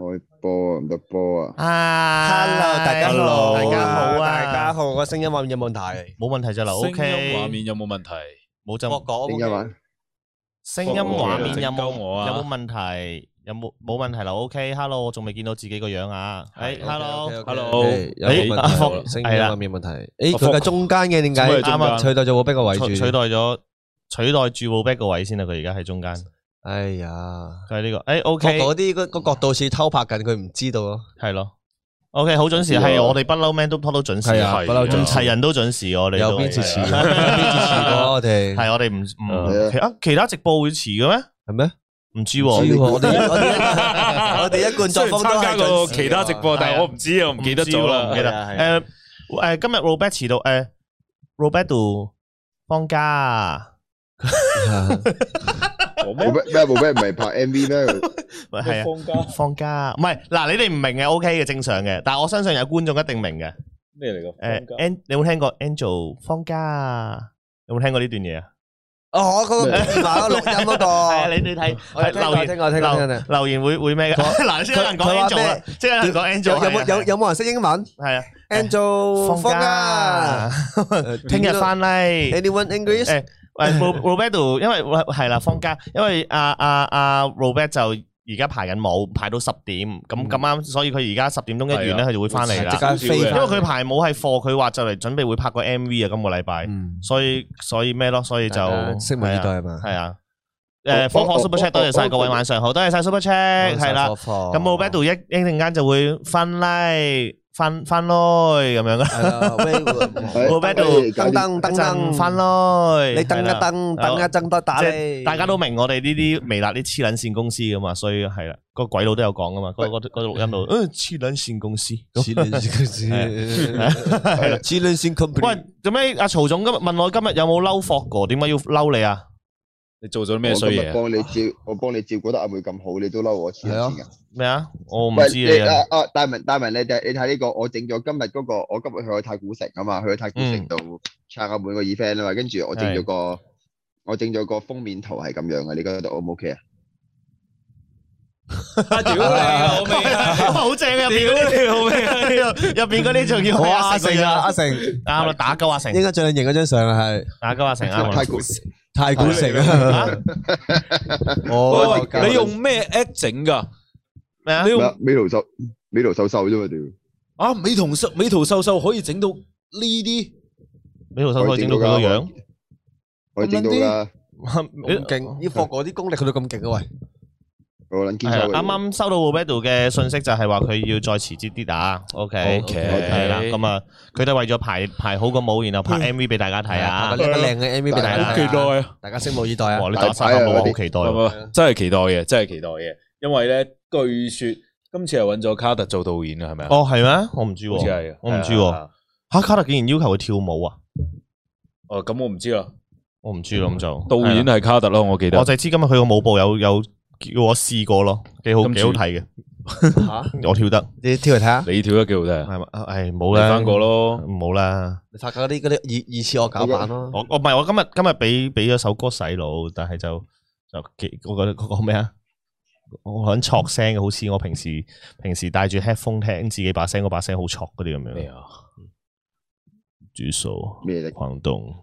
開波，入波啊！Hello，大家好，大家好啊！大家好，個聲音畫面有冇問題？冇問題就留，OK。畫面有冇問題？冇就點解？聲音畫面有冇有冇問題？有冇冇問題？留 OK。Hello，仲未見到自己個樣啊？係 Hello，Hello。誒，阿福，聲音畫面問題？誒，佢係中間嘅，點解？啱啱取代咗 back 個位住，取代咗取代住 back 個位先啊！佢而家喺中間。哎呀，係呢個，誒，OK，嗰啲個角度似偷拍緊，佢唔知道咯，係咯，OK，好準時，係我哋不嬲 man 都拖到準時啊，不嬲，唔齊人都準時，我哋，有邊次遲，邊次遲過，我哋，係我哋唔唔，其他直播會遲嘅咩？係咩？唔知，我哋我哋我哋一貫作風都計準時，其他直播，但係我唔知啊，唔記得咗啦，唔記得，誒誒，今日 Robert 遲到，誒，Robert 度放假。冇咩？咩冇咩？唔係拍 MV 咩，係啊，放假，放假，唔係嗱，你哋唔明嘅 O K 嘅正常嘅，但係我相信有觀眾一定明嘅，咩嚟噶？誒，Angel，你有冇聽過 Angel 放假？有冇聽過呢段嘢啊？哦，嗰個錄音嗰度，係啊，你哋睇留言，留言會會咩噶？嗱，先能講 Angel，即係講 Angel，有有有冇人識英文？係啊，Angel 放假，聽日翻嚟，Anyone English？Roberto 因為係啦，放假，因為阿阿阿 Robert 就而家排緊舞，排到十點，咁咁啱，所以佢而家十點鐘一完咧，佢就會翻嚟啦，因為佢排舞係課，佢話就嚟準備會拍個 MV 啊，今個禮拜，所以所以咩咯，所以就拭目以待嘛，係啊，誒，火火 Super Chat，多謝晒各位晚上好，多謝晒 Super Chat，係啦，咁 Roberto 一一陣間就會翻嚟。翻翻嚟咁樣啊！喺度等等等等翻嚟，你等一等，等一陣再打。即係大家都明我哋呢啲微辣啲黐撚線公司噶嘛，所以係啦，個鬼佬都有講噶嘛，個個個錄音度，誒黐撚線公司，黐撚線公司，係啦，黐撚線 company。喂，做咩？阿曹總今日問我今日有冇嬲霍過？點解要嬲你啊？你做咗咩衰嘢？我今日幫你照，我幫你照顧得阿妹咁好，你都嬲我黐線嘅咩啊？我唔知啊。唔係你啊啊，大文大文，你睇你睇呢個，我整咗今日嗰個，我今日去咗太古城啊嘛，去咗太古城度參加每個 event 啊嘛，跟住我整咗個我整咗個封面圖係咁樣嘅，你覺得 O 唔 OK 啊？屌你老味，好正啊！屌你老味啊！入邊嗰啲仲要阿成啊，阿成啱啦！打鳩阿成，應該最靚影嗰張相係打鳩阿成啱啦。太古城啊！哦，你用咩 app 整㗎？咩啊？你用美圖秀美圖秀秀啫嘛，屌！啊，美圖秀美圖秀秀可以整到呢啲？美圖秀秀可以整到個樣？可以整到啦？咁勁要放我啲功力去到咁勁啊喂？啱啱收到 Wade 嘅信息，就係話佢要再遲啲啲打。OK，係啦，咁啊，佢哋為咗排排好個舞，然後拍 MV 俾大家睇啊，靚嘅 MV 俾大家，期待啊，大家拭目以待啊，你打晒下個舞，好期待啊，真係期待嘅，真係期待嘅。因為咧，據說今次係揾咗卡特做導演啊，係咪？哦，係咩？我唔知，好似係，我唔知啊。吓，卡特竟然要求佢跳舞啊？哦，咁我唔知啊。我唔知啦，咁做導演係卡特咯，我記得。我就係知今日佢個舞步有有。叫我試過咯，幾好幾次好睇嘅。啊、 我跳得，你跳嚟睇下。你跳得幾好睇？係咪？唉，冇啦，翻過咯，冇啦。你發覺嗰啲嗰啲二二次惡搞版咯。我我唔係，我今日今日俾俾咗首歌洗腦，但係就就幾，我覺得我覺得咩啊？我響挫聲嘅，好似我平時平時戴住 headphone 聽自己把聲，我把聲好挫嗰啲咁樣。住數咩？廣東，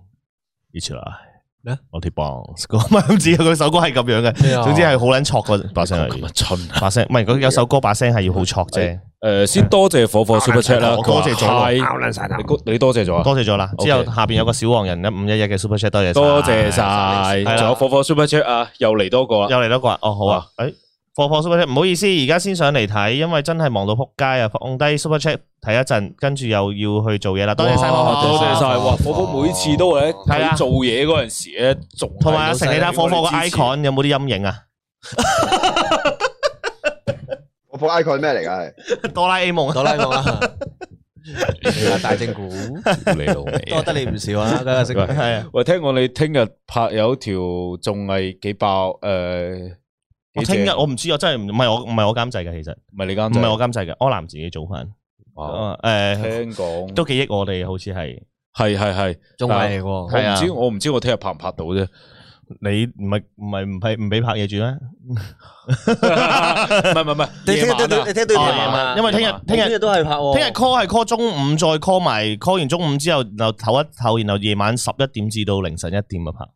一起來。我哋幫，唔係咁止啊！佢首歌係咁樣嘅，總之係好捻挫把聲，咁把聲，唔係有首歌把聲係要好挫啫。誒，先多謝火火 Super Chat 啦，多謝咗，你多謝咗，多謝咗啦。之後下邊有個小黃人一五一一嘅 Super Chat，多謝多謝晒。仲有火火 Super Chat 啊，又嚟多個，又嚟多個，哦好啊，誒。放放 Super Chat，唔好意思，而家先上嚟睇，因為真係忙到撲街啊！放低 Super Chat 睇一陣，跟住又要去做嘢啦。多謝晒，多謝晒。波波每次都喺做嘢嗰陣時咧，同埋啊，成日睇波波個 icon 有冇啲陰影啊？我波 icon 咩嚟㗎？哆啦 A 夢啊，哆啦 A 夢啊！大正股，你老味，多得你唔少啊！今日識係啊！喂，聽講你聽日拍有條綜藝幾爆誒～我聽日我唔知，啊，真係唔係我唔係我監製嘅，其實唔係你監，唔係我監製嘅，柯南自己做翻。誒，香港都幾億，我哋好似係係係係，中偉嚟嘅。係啊，我唔知，我唔知我聽日拍唔拍到啫。你唔係唔係唔係唔俾拍嘢住咩？唔係唔係你聽對，你聽因為聽日聽日都係拍，聽日 call 係 call 中午再 call 埋，call 完中午之後，然後唞一唞，然後夜晚十一點至到凌晨一點就拍。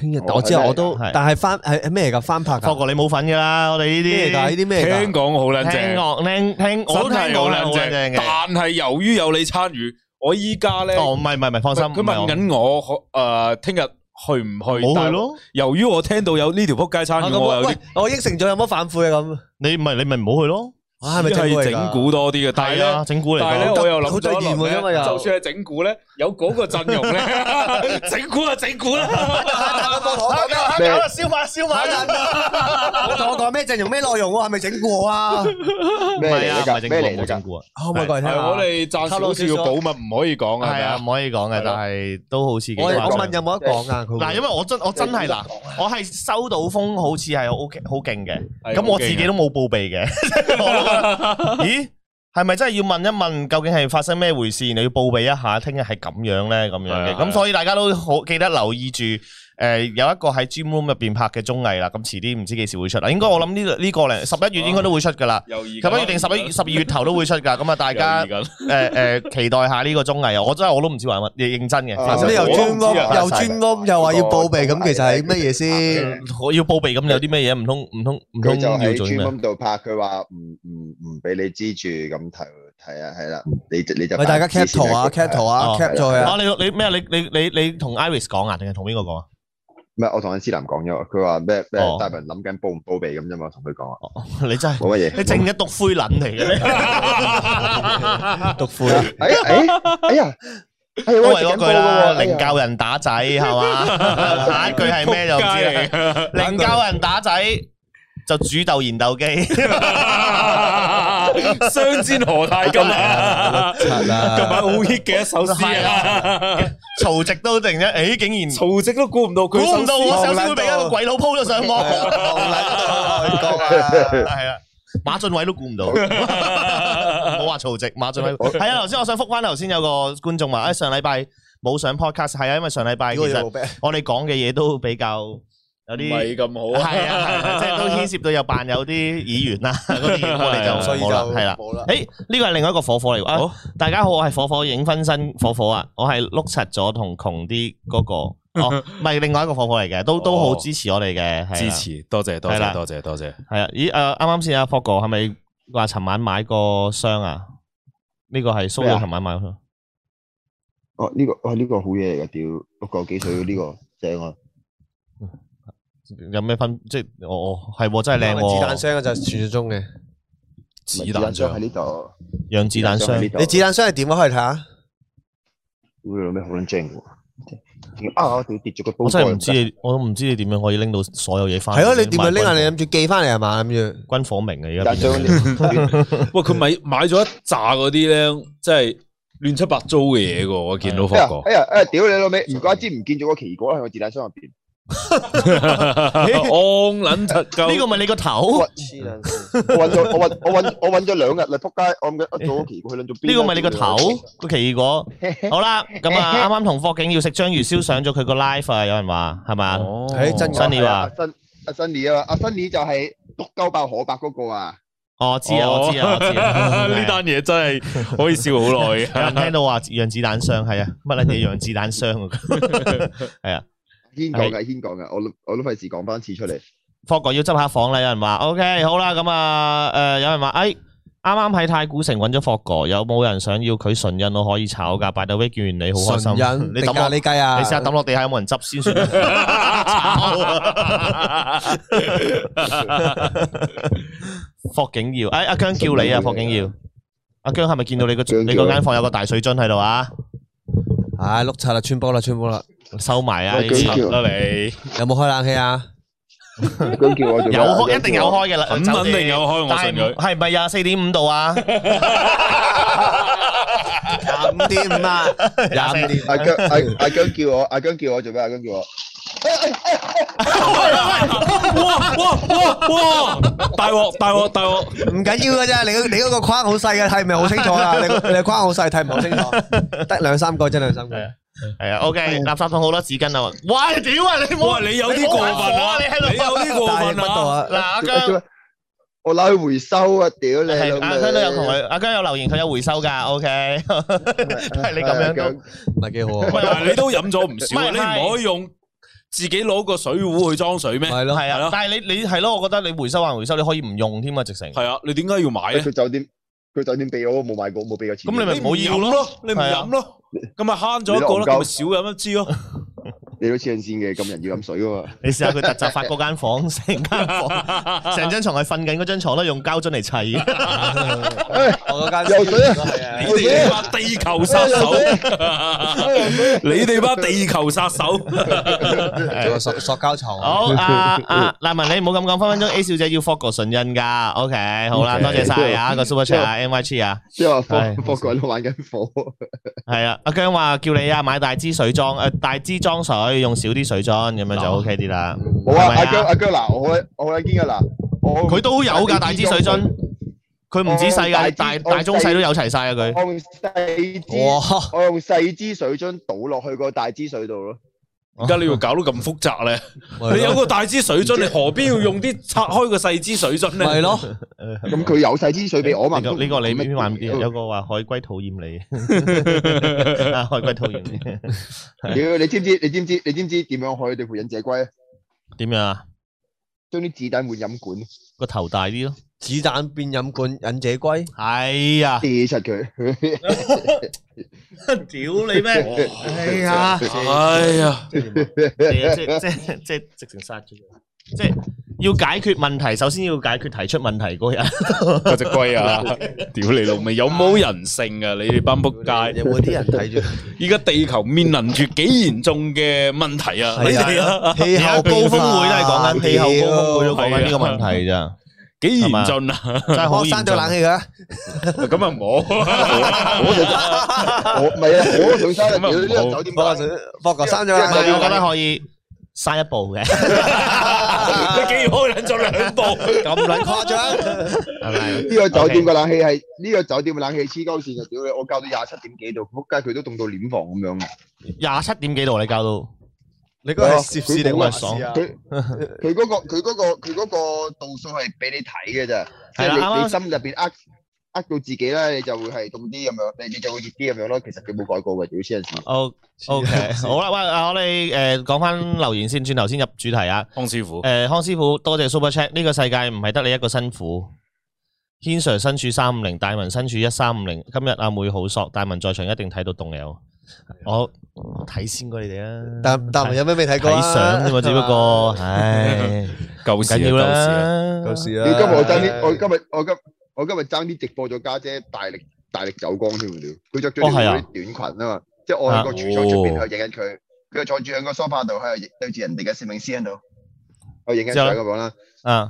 聽日我之後，我都，但係翻係咩嚟噶翻拍？發覺你冇份噶啦，我哋呢啲但噶，呢啲咩？聽講好撚正，聽樂聽聽，好撚正。但係由於有你參與，我依家咧，唔係唔係唔係，放心。佢問緊我，誒，聽日去唔去？冇去咯。由於我聽到有呢條撲街參與，我有啲，我應承咗，有冇反悔啊？咁你咪你咪唔好去咯。啊，係咪真係整蠱多啲嘅？係啊，整蠱嚟噶。但係咧，我又諗咗，好得意啊嘛。就算係整蠱咧，有嗰個陣容咧，整蠱啊，整蠱啦！我講咩？燒賣燒賣啊！我講講咩陣容咩內容？係咪整蠱啊？咩嚟噶？咩嚟噶？整蠱啊！我問佢聽下。我哋暫時要保密，唔可以講嘅。係啊，唔可以講嘅。但係都好似幾。我問有冇得講啊？佢嗱，因為我真我真係難講。我係收到風，好似係好好勁嘅。咁我自己都冇報備嘅。 咦，係咪真係要問一問究竟係發生咩回事？你要報備一下，聽日係咁樣呢？咁樣嘅。咁所以大家都好記得留意住。誒，有一個喺 Gym room 入邊拍嘅綜藝啦，咁遲啲唔知幾時會出啦。應該我諗呢呢個咧十一月應該都會出噶啦，十一月定十一十二月頭都會出噶。咁啊，大家誒誒期待下呢個綜藝啊！我真係我都唔知話乜，認真嘅。你又 Gym room 又 Gym room 又話要報備，咁其實係乜嘢先？我要報備咁有啲乜嘢？唔通唔通唔通？佢就喺度拍，佢話唔唔唔俾你知住咁睇，係啊係啦。你你就大家 captal 啊 captal 啊 capt 在啊！啊你你咩啊？你你你你同 Iris 講啊，定係同邊個講啊？咩？我同阿詩林講咗，佢話咩咩？大鵬諗緊煲唔煲被咁啫嘛，同佢講啊。你真係冇乜嘢，嗯、你淨係毒灰撚嚟嘅。 毒灰 哎哎。哎呀，哎呀，都為哎呀，我嚟嗰句啦，能教人打仔係嘛、哎呀？下一句係咩就知你。能 教人打仔就主斗研斗機。 相煎何太急，今晚好 hit 嘅一首詩啊！曹植都突然間，誒竟然曹植都估唔到佢，估唔到我首先會俾一個鬼佬鋪咗上網。係啊，馬俊偉都估唔到。冇話曹植，馬俊偉係啊。頭先我想覆翻頭先有個觀眾話：，誒上禮拜冇上 podcast，係啊，因為上禮拜其實我哋講嘅嘢都比較。有啲唔係咁好啊，係啊，即係都牽涉到又扮有啲議員啦，嗰啲我哋就所以就係啦，冇啦。誒，呢個係另外一個火火嚟喎，大家好，我係火火影分身火火啊，我係碌柒咗同窮啲嗰個，哦，唔係另外一個火火嚟嘅，都都好支持我哋嘅支持，多謝多謝多謝多謝，係啊，咦誒，啱啱先阿火哥係咪話尋晚買個箱啊？呢個係蘇總尋晚買個箱。哦，呢個哦，呢個好嘢嚟㗎，屌六個幾歲呢個正我。有咩分？即係我我係真係靚喎！彈聲彈子彈箱嘅就係傳說中嘅子彈箱喺呢度。養子彈箱，你子彈箱係點開睇下，會有咩好撚正嘅，啊！我屌跌咗個煲，啊，我真係唔知你，我都唔知你點樣可以拎到所有嘢翻。係咯，你點樣拎啊？你諗住寄翻嚟係嘛？諗住軍火明啊。而家。喂， 佢咪買咗一扎嗰啲咧，即係亂七八糟嘅嘢噶，我見到發覺。哎呀哎呀，屌你老味！唔怪之唔見咗個奇異果喺個子彈箱入邊。呢個咪你個頭？我黐捻，我搵咗我搵咗兩日嚟扑街，我唔記得做咗奇異果捻，呢個咪你個頭個奇異果？好啦，咁啊，啱啱同霍景耀食章魚燒上咗佢個 live 啊，有人話係嘛？哦，阿新阿阿阿新李啊，阿新李、啊啊、就係毒高爆河白嗰個啊！我知啊，我知啊，呢單嘢真係可以笑好耐 啊！聽到話讓子彈傷係啊，乜捻嘢讓子彈傷啊？係啊。軒講嘅，軒講嘅，我我都費事講翻一次出嚟。霍哥要執下房啦，有人話，OK，好啦，咁啊，誒，有人話，哎，啱啱喺太古城搵咗霍哥，有冇人想要佢純印，我可以炒噶？拜到威叫完你好開心，你抌下呢計啊？你試下抌落地下有冇人執先算。霍景耀，哎，阿姜叫你啊，霍景耀，阿姜係咪見到你個你個間房有個大水樽喺度啊？哎，碌柒啦，穿煲啦，穿煲啦。收埋啊！我叫你，有冇開冷氣啊？有開，一定有開嘅啦。肯定有開，我信佢。係咪呀？廿四點五度啊？廿五點五啊？廿四點。阿姜阿阿姜叫我，阿姜叫我做咩？阿姜叫我。哇哇哇哇！大鑊大鑊大鑊！唔緊要嘅咋？你嗰你嗰個框好細嘅，睇唔係好清楚啦。你你框好細，睇唔好清楚，得兩三個啫兩三個。係啊，OK，垃圾桶好多紙巾啊！喂，屌啊，你冇話你有啲過分啊！你喺度有啲過分啊！嗱，阿姜，我攞去回收啊！屌你，阿姜都有同佢，阿姜有留言，佢有回收噶。OK，但係你咁樣都唔係幾好啊！你都飲咗唔少啊！你唔可以用自己攞個水壺去裝水咩？係咯，係啊，但係你你係咯，我覺得你回收還回收，你可以唔用添啊！直情係啊，你點解要買啊？佢酒店佢酒店俾我，我冇買過，冇俾過錢。咁你咪唔好要咯，你唔飲咯。咁咪慳咗一個咯，咁咪少飲一支咯。 你都黐人線嘅，咁人要飲水噶嘛？你試下佢特集發嗰間房，成間房，成張床係瞓緊嗰張床都用膠樽嚟砌。我嗰間有水啊！你哋班地球殺手，你哋班地球殺手，仲有塑塑膠床。好啊啊！賴文你唔好咁講，分分鐘 A 小姐要覆蓋唇印噶。OK，好啦，多謝晒啊個 Super Chat M Y C 啊，即係話覆覆蓋都玩緊火。係啊，阿姜話叫你啊買大支水裝，誒大支裝水。可以用少啲水樽，咁樣就 OK 啲啦。好啊，阿姜阿姜嗱，我好，我好認噶嗱，佢都有㗎大支水樽，佢唔止細嘅，大大中細都有齊晒啊佢。我用細支 水樽倒落去個大支水度咯。而家你要搞到咁複雜咧？你有個大支水樽，你何必要用啲拆開個細支水樽咧？係咯，咁佢有細支水俾我嘛？呢個你咩有個話海龜討厭你，海龜討厭。屌，你知唔知？你知唔知？你知唔知點樣可以對付忍者龜？點樣？將啲子彈換飲管，個頭大啲咯。子彈變飲管，忍者龜哎呀！電殺佢。屌你咩、啊啊？哎呀，哎呀，就是，即係即係即係直情殺咗，即係要解決問題，首先要解決提出問題嗰日嗰隻龜啊！屌你老味，有冇人性啊？你哋班撲街有冇啲人睇住？而家地球面臨住幾嚴重嘅問題啊？係啊，氣候高峰會都係講緊氣候高峰會都講緊呢個問題咋？幾嚴峻啊！我閂咗冷氣噶，咁啊冇，我未啊，我仲閂咗。咁啊冇，博哥閂咗啊，咁樣可以閂一部嘅，你竟然開冷咗兩部，咁撚誇張？呢個酒店嘅冷氣係呢個酒店嘅冷氣黐鳩線嘅，屌你！我較到廿七點幾度，仆街佢都凍到殮房咁樣啊！廿七點幾度你較到？你嗰個佢好核爽，佢佢嗰個佢嗰個佢嗰個度數係俾你睇嘅咋，係啱啦。你心入邊呃呃到自己啦，你就會係凍啲咁樣，你你就會熱啲咁樣咯。其實佢冇改過嘅，少少人事。好 OK，好啦，喂，我哋誒講翻留言先，轉頭先入主題啊。康師傅，誒，康師傅，多謝 Super Chat。呢個世界唔係得你一個辛苦，天 Sir 身處三五零，大文身處一三五零。今日阿妹好索，大文在場一定睇到凍油。我睇先過你哋啊，但但係有咩未睇過？睇相啫嘛，只不過唉，舊事啦，舊事啦，舊事啦。今日爭啲，我今日我今我今日爭啲直播咗家姐大力大力走光添料。佢着咗啲短裙啊嘛，即係我喺個廚房出邊去影緊佢，佢就坐住喺個梳化度，喺度對住人哋嘅攝影師喺度，我影緊相咁講啦，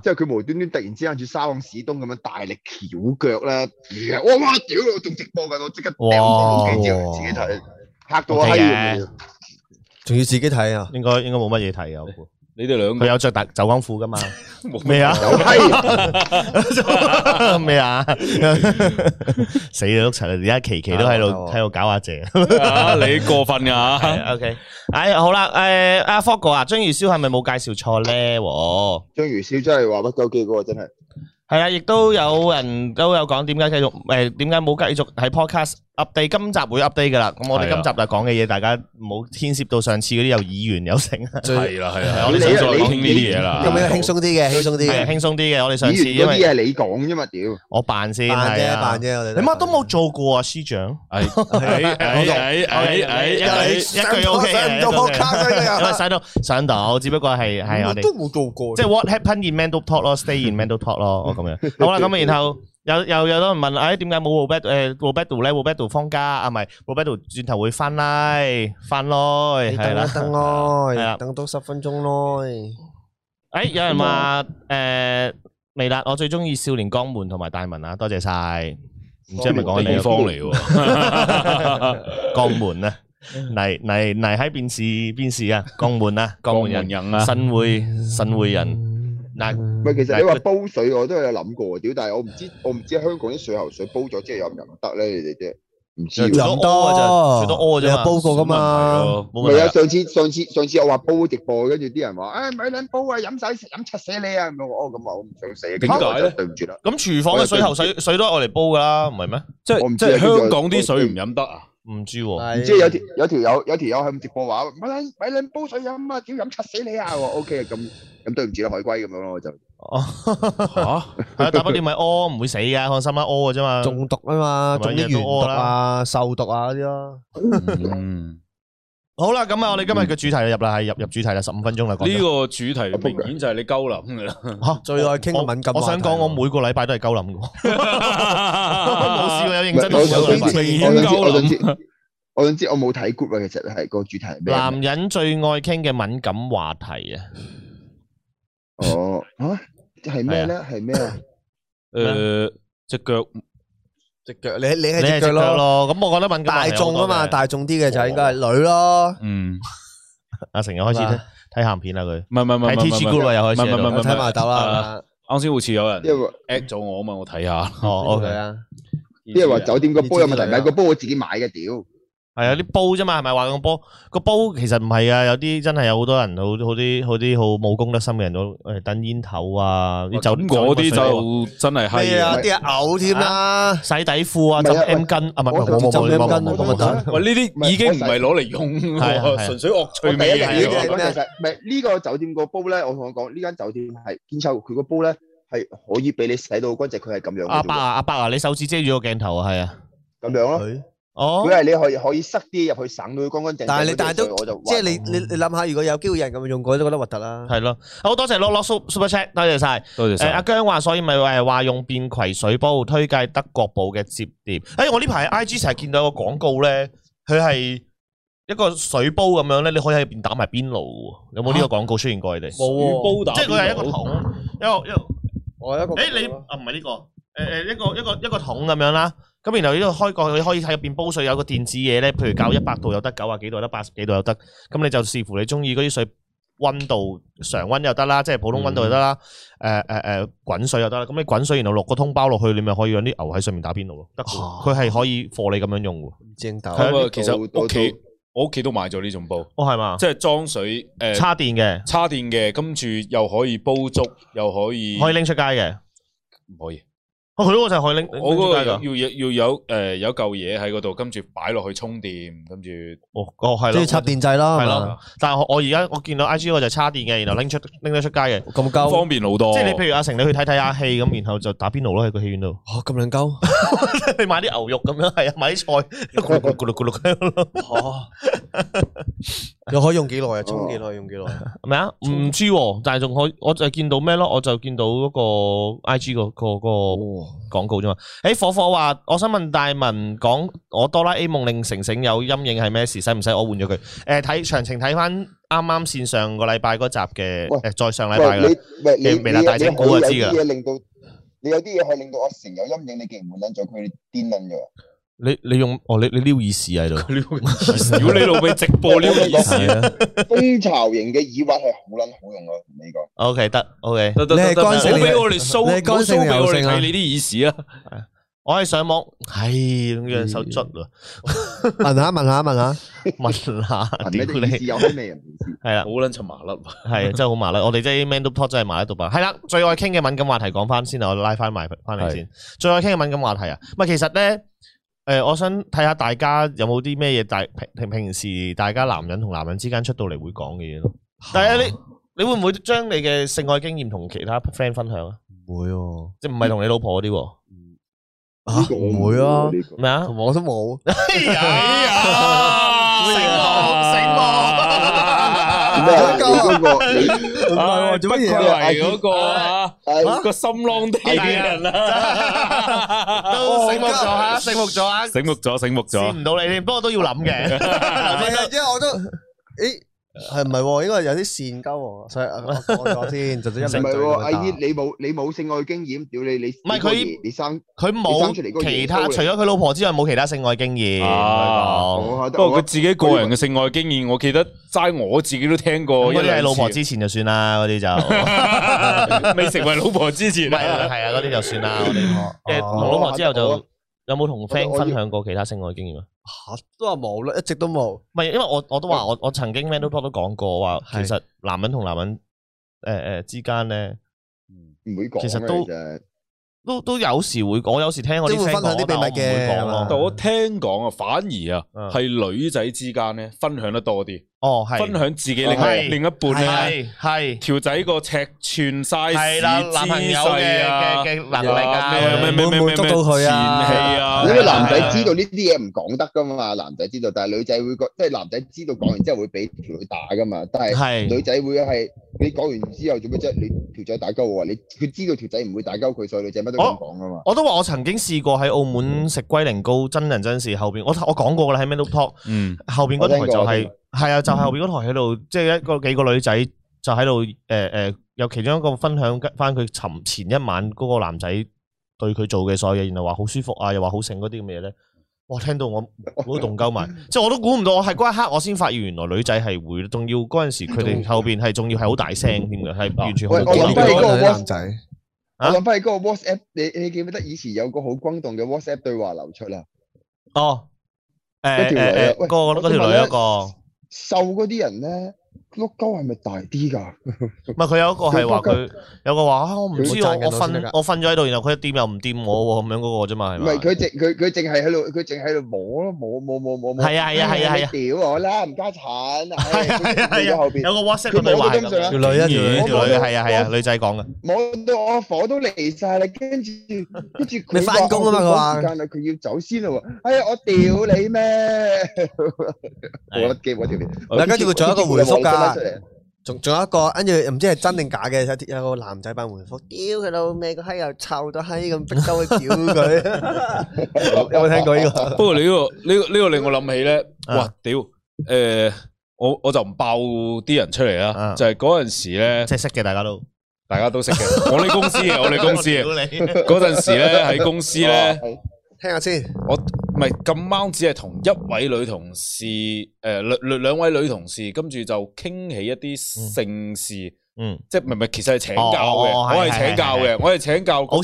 即係佢無端端突然之間似沙朗史東咁樣大力翹腳啦，哇哇，屌！我仲直播噶我即刻掉部手機掉嚟自己睇。吓到閪嘅，仲要自己睇啊應該！應該應該冇乜嘢睇，啊。你哋兩個佢有着大走光褲噶嘛？咩、okay. 哎哎、啊？是是有閪咩啊？死啦碌柒！而家琪琪都喺度喺度搞阿姐，你過分啊 OK，哎好啦，誒阿 Fok 哥啊，張如蕭係咪冇介紹錯咧？張如蕭真係話不投機嗰個，真係。係啊，亦都有人都有講點解繼續誒？點解冇繼續喺 podcast update？今集會 update 噶啦。咁我哋今集就講嘅嘢，大家唔好牽涉到上次嗰啲有議員有成。係啦係啦，我哋想再講呢啲嘢啦。有咩輕鬆啲嘅，輕鬆啲。係輕鬆啲嘅，我哋上次嗰啲嘢你講啫嘛？屌，我扮先，扮啫扮啫，我哋你乜都冇做過啊，師長。哎哎哎哎，一句我上唔到 podcast，上到上到，只不過係係我哋都冇做過。即係 what happen in mental talk 咯，stay in mental talk 咯。好啦，咁啊，然後又又有多人問，哎，點解冇 Rebecca？誒，Rebecca 咧，Rebecca 放假啊？唔係，Rebecca 轉頭會翻啦，翻咯，係啦，等耐，係啦，等多十分鐘耐。哎，有人話誒微辣，我最中意少年江門同埋大文啊，多謝晒。唔知係咪講地方嚟㗎？江門啊，嚟嚟嚟喺邊市邊市啊？江門啊，江門人啊，新會新會人。嗱，唔係，其實你話煲水，我都有諗過屌！但係我唔知，我唔知香港啲水喉水煲咗即係飲唔得咧，你哋啫，唔知。少多啊，就水多屙啫嘛。你煲過噶嘛？冇問題。係啊，上次上次上次我話煲直播，跟住啲人話：，哎，咪撚煲啊，飲晒食飲柒死你啊！咁我哦咁啊，唔想死啊！點解咧？對唔住啦。咁廚房嘅水喉水水都我嚟煲噶啦，唔係咩？即係我唔知係香港啲水唔飲得啊？唔知喎，唔知有條有條友有條友喺咁直播話：，咪咪撚煲水飲啊，屌飲柒死你啊！喎，OK 啊咁。咁對唔住啦，海歸咁樣咯，就嚇，大不點咪屙唔會死噶，放心啦，屙嘅啫嘛，中毒啊嘛，中啲原毒啊、受毒啊嗰啲咯。好啦，咁啊，我哋今日嘅主題入嚟係入入主題啦，十五分鐘啦。呢個主題明顯就係你鳩諗啦嚇，最愛傾嘅敏感，我想講我每個禮拜都係鳩諗嘅，冇試過有認真。我總之我冇睇 group 啊，其實係個主題係男人最愛傾嘅敏感話題啊。哦，啊，係咩咧？係咩啊？誒，隻腳，隻腳，你你係隻腳咯咁，我覺得問大眾啊嘛，大眾啲嘅就應該係女咯。嗯，阿成又開始睇鹹片啦佢，唔係唔係睇 T 恤嗰度又開始，唔係唔係唔係，睇埋豆啦。啱先好似有人，因為 at 咗我啊嘛，我睇下。哦，OK 啊。因為話酒店個煲有問題，唔係個煲我自己買嘅屌。係啊，啲煲啫嘛，係咪話個煲個煲其實唔係啊？有啲真係有好多人，好好啲好啲好冇公德心嘅人，都誒抌煙頭啊，啲酒樽嗰啲就真係係啊，啲人嘔添啦，洗底褲啊，就 M 巾啊，唔係唔係就 M 巾啊，咁啊，喂，呢啲已經唔係攞嚟用，純粹惡趣味嚟嘅。唔係呢個酒店個煲咧，我同你講，呢間酒店係堅臭，佢個煲咧係可以俾你洗到，即係佢係咁樣。阿伯啊，阿伯啊，你手指遮住個鏡頭啊，係啊，咁樣咯。哦，佢係你可以可以塞啲入去省到佢乾乾淨，但係你但係都，即係你你你諗下，如果有機會有人咁樣用過，都覺得核突啦。係咯，好多謝樂樂 Super Chat，多謝晒，多謝。誒，阿姜話，所以咪誒話用便攜水煲，推介德國寶嘅折疊。誒，我呢排 I G 成日見到個廣告咧，佢係一個水煲咁樣咧，你可以喺入邊打埋邊爐。有冇呢個廣告出現過你哋？冇，煲即係佢係一個桶，一個一個。我一個。誒，你啊唔係呢個，誒誒一個一個一個桶咁樣啦。咁然後呢度開蓋，你可以喺入邊煲水，有個電子嘢咧，譬如較一百度又得，九啊幾度又得，八十幾度又得。咁你就視乎你中意嗰啲水溫度，常溫又得啦，即係普通溫度又得啦。誒誒誒，滾、呃、水又得。咁你滾水，然後落個通包落去，你咪可以讓啲牛喺上面打邊爐咯。得，佢係可以貨、哦、你咁樣用喎。正斗豆。係其實屋企我屋企都買咗呢種煲。哦，係嘛？即係裝水誒，插、呃、電嘅，插電嘅，跟住又可以煲粥，又可以。可以拎出街嘅。唔可以。哦，佢嗰個就係可以拎，我嗰個要有要有誒、呃、有嚿嘢喺嗰度，跟住擺落去充電，跟住哦哦係啦，即係插電掣啦，係嘛？但係我而家我見到 IG 我就係插電嘅，然後拎出拎得出街嘅，咁夠方便好多。即係你譬如阿成，你去睇睇下戲咁，然後就打邊爐咯喺個戲院度。哦，咁樣夠， 你買啲牛肉咁樣係啊，買啲菜咕嚕咕嚕咕嚕咕嚕又可以用幾耐啊？充幾耐用幾耐？係咪啊？唔知，但係仲可以，我就見到咩咯？我就見到嗰個 IG 個個個廣告啫嘛。誒，火火話，我想問大文講，我哆啦 A 夢令成成有陰影係咩事？使唔使我換咗佢？誒，睇詳情睇翻啱啱線上個禮拜嗰集嘅，誒，再上禮拜喇。你未達大整蠱就知噶。嘢，令到你有啲嘢可以令到阿成有陰影，你竟然換咗佢癲撚咗。你你用哦，你你撩耳屎喺度，撩如果你老味直播撩耳屎咧，蜂巢型嘅耳挖係好捻好用咯，同你講。O K 得，O K 得得得，唔好俾我哋搜，唔好搜俾我哋你啲耳屎啊。我喺上網，係咁樣手捽啊。問下問下問下，問下點佢哋有咩人？係啊，好捻陳麻甩，係真係好麻甩。我哋即係 man to talk，真係麻甩到白。係啦，最愛傾嘅敏感話題講翻先啊，我拉翻埋翻你先。最愛傾嘅敏感話題啊，唔係其實咧。誒、呃，我想睇下大家有冇啲咩嘢，大平平平時大家男人同男人之間出到嚟會講嘅嘢咯。啊、但係你你會唔會將你嘅性愛經驗同其他 friend 分享啊？唔會哦，即係唔係同你老婆啲喎。吓，唔會啊？咩啊？啊啊同我都冇。嗰個，係做乜嘢嚟嗰個啊？個心浪底嘅人啊， 都醒目咗吓、啊啊，醒目咗，醒目咗，醒目咗，見唔到你添，不過都要諗嘅、嗯。因為我都誒。哎係唔係？應該有啲線鳩，所以啊，講咗先，就咁樣。唔係喎，阿姨，你冇你冇性愛經驗，屌你你。唔係佢，李生，佢冇其他，除咗佢老婆之外，冇其他性愛經驗。不過佢自己個人嘅性愛經驗，我記得齋我自己都聽過。嗰啲係老婆之前就算啦，嗰啲就未成為老婆之前。係啊，係啊，嗰啲就算啦。即係老婆之後就。有冇同 friend 分享過其他性愛經驗啊？嚇都話冇啦，一直都冇。唔係，因為我我都話我我曾經 Facebook 都講過話，其實男人同男人誒誒、呃呃、之間咧，唔會講。其實都都都有時會講，我有時聽我啲 friend 講都唔會講咯。但我，吧我聽講啊，反而啊係女仔之間咧分享得多啲。哦，係分享自己另另一半係係條仔個尺寸 size 係啦，男朋友嘅嘅能力啊，會唔會滿足到佢啊？因為男仔知道呢啲嘢，唔講得噶嘛，男仔知道，但係女仔會覺，即係男仔知道講完之後會俾條女打噶嘛，但係女仔會係你講完之後做咩啫？你條仔打鳩我，你佢知道條仔唔會打鳩佢，所以女仔乜都唔講噶嘛。我都話我曾經試過喺澳門食龜苓膏，真人真事，後邊我我講過啦，喺 Milk Talk，嗯，後邊嗰台就係。係啊，就係、是、後邊嗰台喺度，即、就、係、是、一個幾個女仔就喺度，誒、呃、誒、呃，有其中一個分享翻佢尋前一晚嗰個男仔對佢做嘅所有嘢，然後話好舒服啊，又話好醒嗰啲咁嘅嘢咧。哇，聽到我我，動 我都凍鳩埋，即係我都估唔到，我係嗰一刻我先發現原來女仔係會，仲要嗰陣時佢哋後邊係仲要係好大聲添嘅，係 完全好大聲。喂，我諗翻起嗰個 WhatsApp、嗯、你個 WhatsApp，你記唔記得以前有個好轟動嘅 WhatsApp 對話流出啦？哦，誒、呃、誒，嗰個嗰條女一個。瘦嗰啲人咧。碌鳩係咪大啲㗎？唔係佢有一個係話佢有個話，我唔知我我瞓我瞓咗喺度，然後佢一掂又唔掂我喎，咁樣嗰個啫嘛，係咪？唔係佢淨佢佢淨係喺度佢淨係喺度摸咯摸摸摸摸摸。係啊係啊係啊係啊！屌我啦唔加產。係啊係啊。跟住後邊有個 WhatsApp 佢對話。條女欣住條女係啊係啊女仔講嘅。摸到我火都嚟晒啦，跟住跟住佢翻工啊嘛佢話。間啊佢要走先啦喎！哎呀我屌你咩？冇得記冇條片。嗱，跟住佢仲有一個回覆㗎。仲仲、啊、有一個跟住唔知係真定假嘅，有有個男仔扮回覆，屌佢老味個閪又臭到閪咁，逼到屌佢， 有冇聽過呢、這個？不過你、這、呢個呢、這個呢、這個令我諗起咧，哇屌誒，我我就唔爆啲人出嚟啦，啊、就係嗰陣時咧，即係識嘅，大家都大家都識嘅， 我哋公司嘅，我哋 公司啊，嗰陣時咧喺公司咧，聽下先，我。唔係咁啱，是只係同一位女同事，誒、呃、兩位女同事，跟住就傾起一啲性事，嗯，嗯，即係唔係其實係請教嘅，哦哦、我係請教嘅，我係請教嗰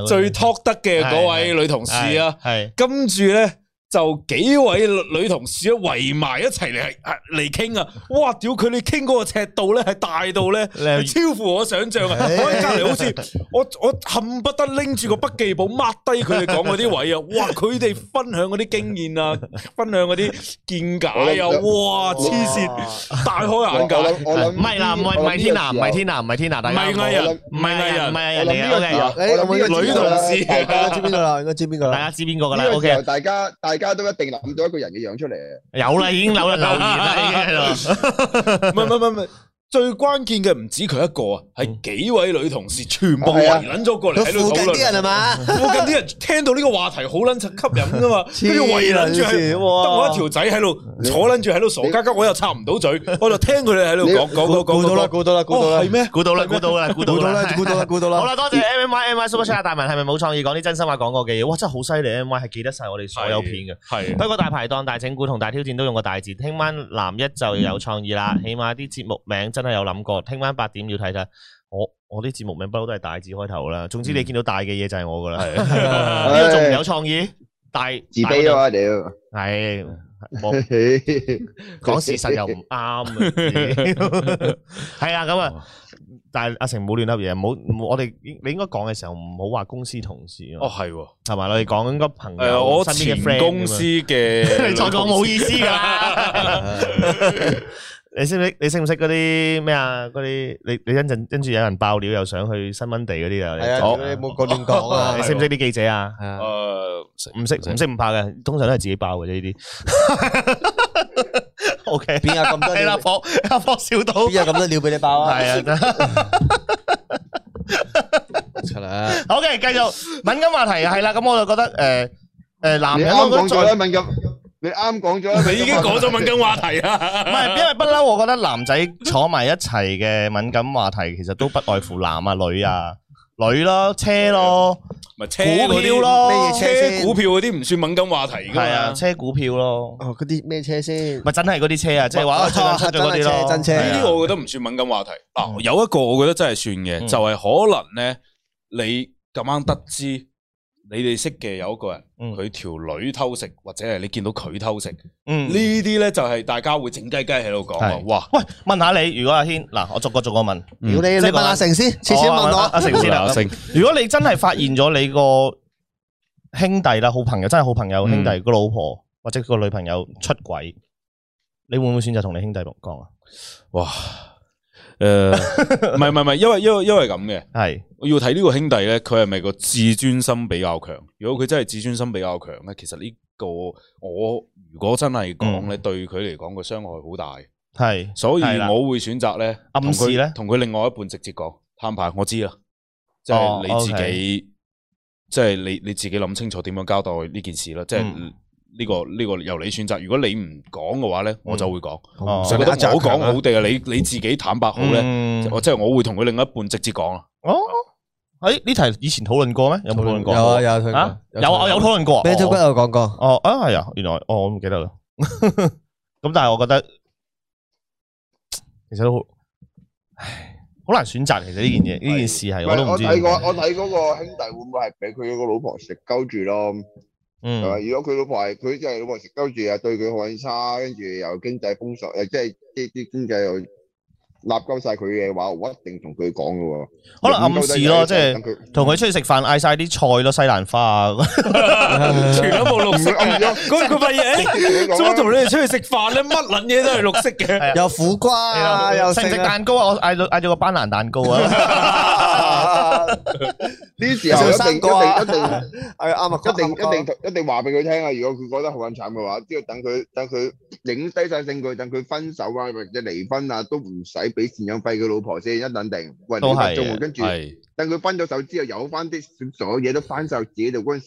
個最最 talk 得嘅嗰位女同事啊，係，跟住咧。就幾位女同事圍埋一齊嚟嚟傾啊！哇，屌佢哋傾嗰個尺度咧係大到咧超乎我想像啊！我喺隔離好似我我恨不得拎住個筆記簿 mark 低佢哋講嗰啲位啊！哇，佢哋分享嗰啲經驗啊，分享嗰啲見解啊！哇，黐線大開眼界！唔係啦，唔係唔係天娜，唔係天娜，唔係天娜，唔係藝人，唔係藝人，唔係人哋 OK，我諗女同事大家知邊個啦？應該知邊個啦？大家知邊個噶啦？OK，大家大大家都一定諗到一個人嘅樣出嚟，有啦，已經留咗留言啦。已經係啦。唔唔唔唔。 最關鍵嘅唔止佢一個啊，係幾位女同事全部圍撚咗過嚟喺度討論。附近啲人係嘛？附近啲人聽到呢個話題好捻吸引噶嘛？跟住圍捻住，得我一條仔喺度坐捻住喺度傻瓜瓜，我又插唔到嘴，我就聽佢哋喺度講講到啦，估到啦，估到啦，係咩？估到啦，估到啦，估到啦，估到啦，估到啦。好啦，多謝 M Y M Y Super Show 大文係咪冇創意講啲真心話講過嘅嘢？哇，真係好犀利！M Y 係記得晒我哋所有片嘅。係不過大排檔、大整蠱同大挑戰都用個大字。聽晚男一就有創意啦，起碼啲節目名。真係有諗過，聽晚八點要睇睇。我我啲節目名不嬲都係大字開頭啦。總之你見到大嘅嘢就係我噶啦。呢個仲有創意，大自卑啊屌，係講事實又唔啱，係啊咁啊。但係阿成冇亂噏嘢，冇我哋你應該講嘅時候唔好話公司同事啊。哦係喎，係埋你講應該朋友身邊嘅公司嘅，再講冇意思噶。你識唔識？你識唔識嗰啲咩啊？嗰啲你你一陣跟住有人爆料又想去新聞地嗰啲啊？你講，你冇亂講啊！你識唔識啲記者啊？誒，唔識唔識唔怕嘅，通常都係自己爆嘅啫呢啲。OK，邊有咁多料？係啦，火火小刀，邊有咁多料俾你爆啊？係啊，好嘅，繼續敏感話題啊，係啦，咁我就覺得誒誒，男人唔好再敏感。你啱講咗，你已經講咗 敏感話題啊。唔係，因為不嬲，我覺得男仔坐埋一齊嘅敏感話題，其實都不外乎男啊、女啊、女咯、啊、車咯、啊，咪車嗰啲咯，股啊、車，車股票嗰啲唔算敏感話題噶。係啊，車股票咯，嗰啲咩車先？咪真係嗰啲車啊，即係話真係車真車。呢啲、啊、我覺得唔算敏感話題。嗱、嗯，有一個我覺得真係算嘅，就係、是、可能咧，你咁啱得知你哋識嘅有一個人，嗯、佢條女偷食，或者係你見到佢偷食，呢啲咧就係大家會靜雞雞喺度講啊！是哇，喂，問下你，如果阿軒嗱，我逐個逐個問，嗯、是你問阿成先，次次問我，我問阿成先，如果你真係發現咗你個兄弟啦，好朋友真係好朋友兄弟、嗯、個老婆或者個女朋友出軌，你會唔會選擇同你兄弟講啊？哇！誒，唔係唔係唔係，因為因為因為咁嘅，係是，我要睇呢個兄弟咧，佢係咪個自尊心比較強？如果佢真係自尊心比較強咧，其實呢、這個我如果真係講咧，嗯、對佢嚟講個傷害好大，係是，所以我會選擇咧的他暗示咧，同佢另外一半直接講攤牌，我知啦，即、就、係、是、你自己，即係、哦 okay、你你自己諗清楚點樣交代呢件事啦，即係、嗯。呢個呢個由你選擇。如果你唔講嘅話咧，我就會講。我覺得好講好啲啊，你你自己坦白好咧。我即係我會同佢另一半直接講啊。哦，哎，呢題以前討論過咩？有冇討論過？有有啊，有啊，有討論過。啤酒骨有講過。哦啊，係啊，原來哦，我唔記得啦。咁但係我覺得其實好，唉，好難選擇。其實呢件嘢，呢件事係我都唔知。我睇過，我睇嗰個兄弟會唔會係俾佢個老婆食鳩住咯？嗯，係嘛？如果佢老婆係佢即係老婆食鳩住啊，對佢好差，跟住又經濟封鎖，誒即係即係啲經濟又立鳩曬佢嘅話，我一定同佢講㗎喎。可能暗示咯，即係同佢出去食飯嗌曬啲菜咯，西蘭花，全部綠色。嗰日佢發現，誒，做乜同你哋出去食飯咧？乜撚嘢都係綠色嘅，有苦瓜啊，又食唔食蛋糕啊，我嗌嗌咗個斑蘭蛋糕啊。呢 時候一定、啊、一定 一定係啱啊！一定一定一定話俾佢聽啊！如果佢覺得好咁慘嘅話，之後等佢等佢影低晒證據，等佢分手啊或者離婚啊，都唔使俾贍養費佢老婆先一等定。都係，跟住等佢分咗手之後有翻啲所有嘢都翻晒自己度嗰陣時，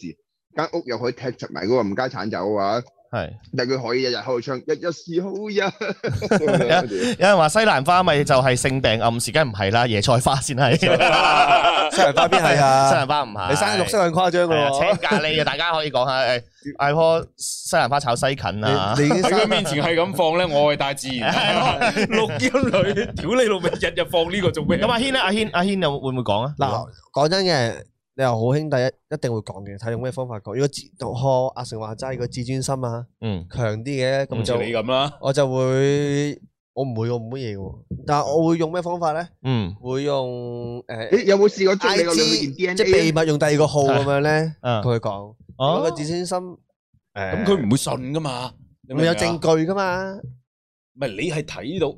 間屋又可以踢出埋嗰個唔家產走嘅話。係，但係佢可以日日開唱，日日是好日。有人話西蘭花咪就係性病暗示，梗係唔係啦，椰菜花先係。西蘭花邊係啊？西蘭花唔係，你生綠色咁誇張嘅喎。請隔離啊！大家可以講下，誒，嗌棵西蘭花炒西芹啊！喺佢面前係咁放咧，我係大自然，係嘛？綠嬌女，屌你老味，日日放呢個做咩？咁阿軒咧，阿軒，阿軒又會唔會講啊？嗱，講真嘅。你又好兄弟一一定會講嘅，睇用咩方法講。如果自讀賀阿成話齋個自尊心啊，強啲嘅，咁就你噉啦，我就會我唔會我冇乜嘢嘅，但係我會用咩方法咧？嗯，會用誒，有冇試過第二個兩即係秘密用第二個號咁樣咧？佢講，咁個自尊心，咁佢唔會信噶嘛，會有證據噶嘛，唔係你係睇到。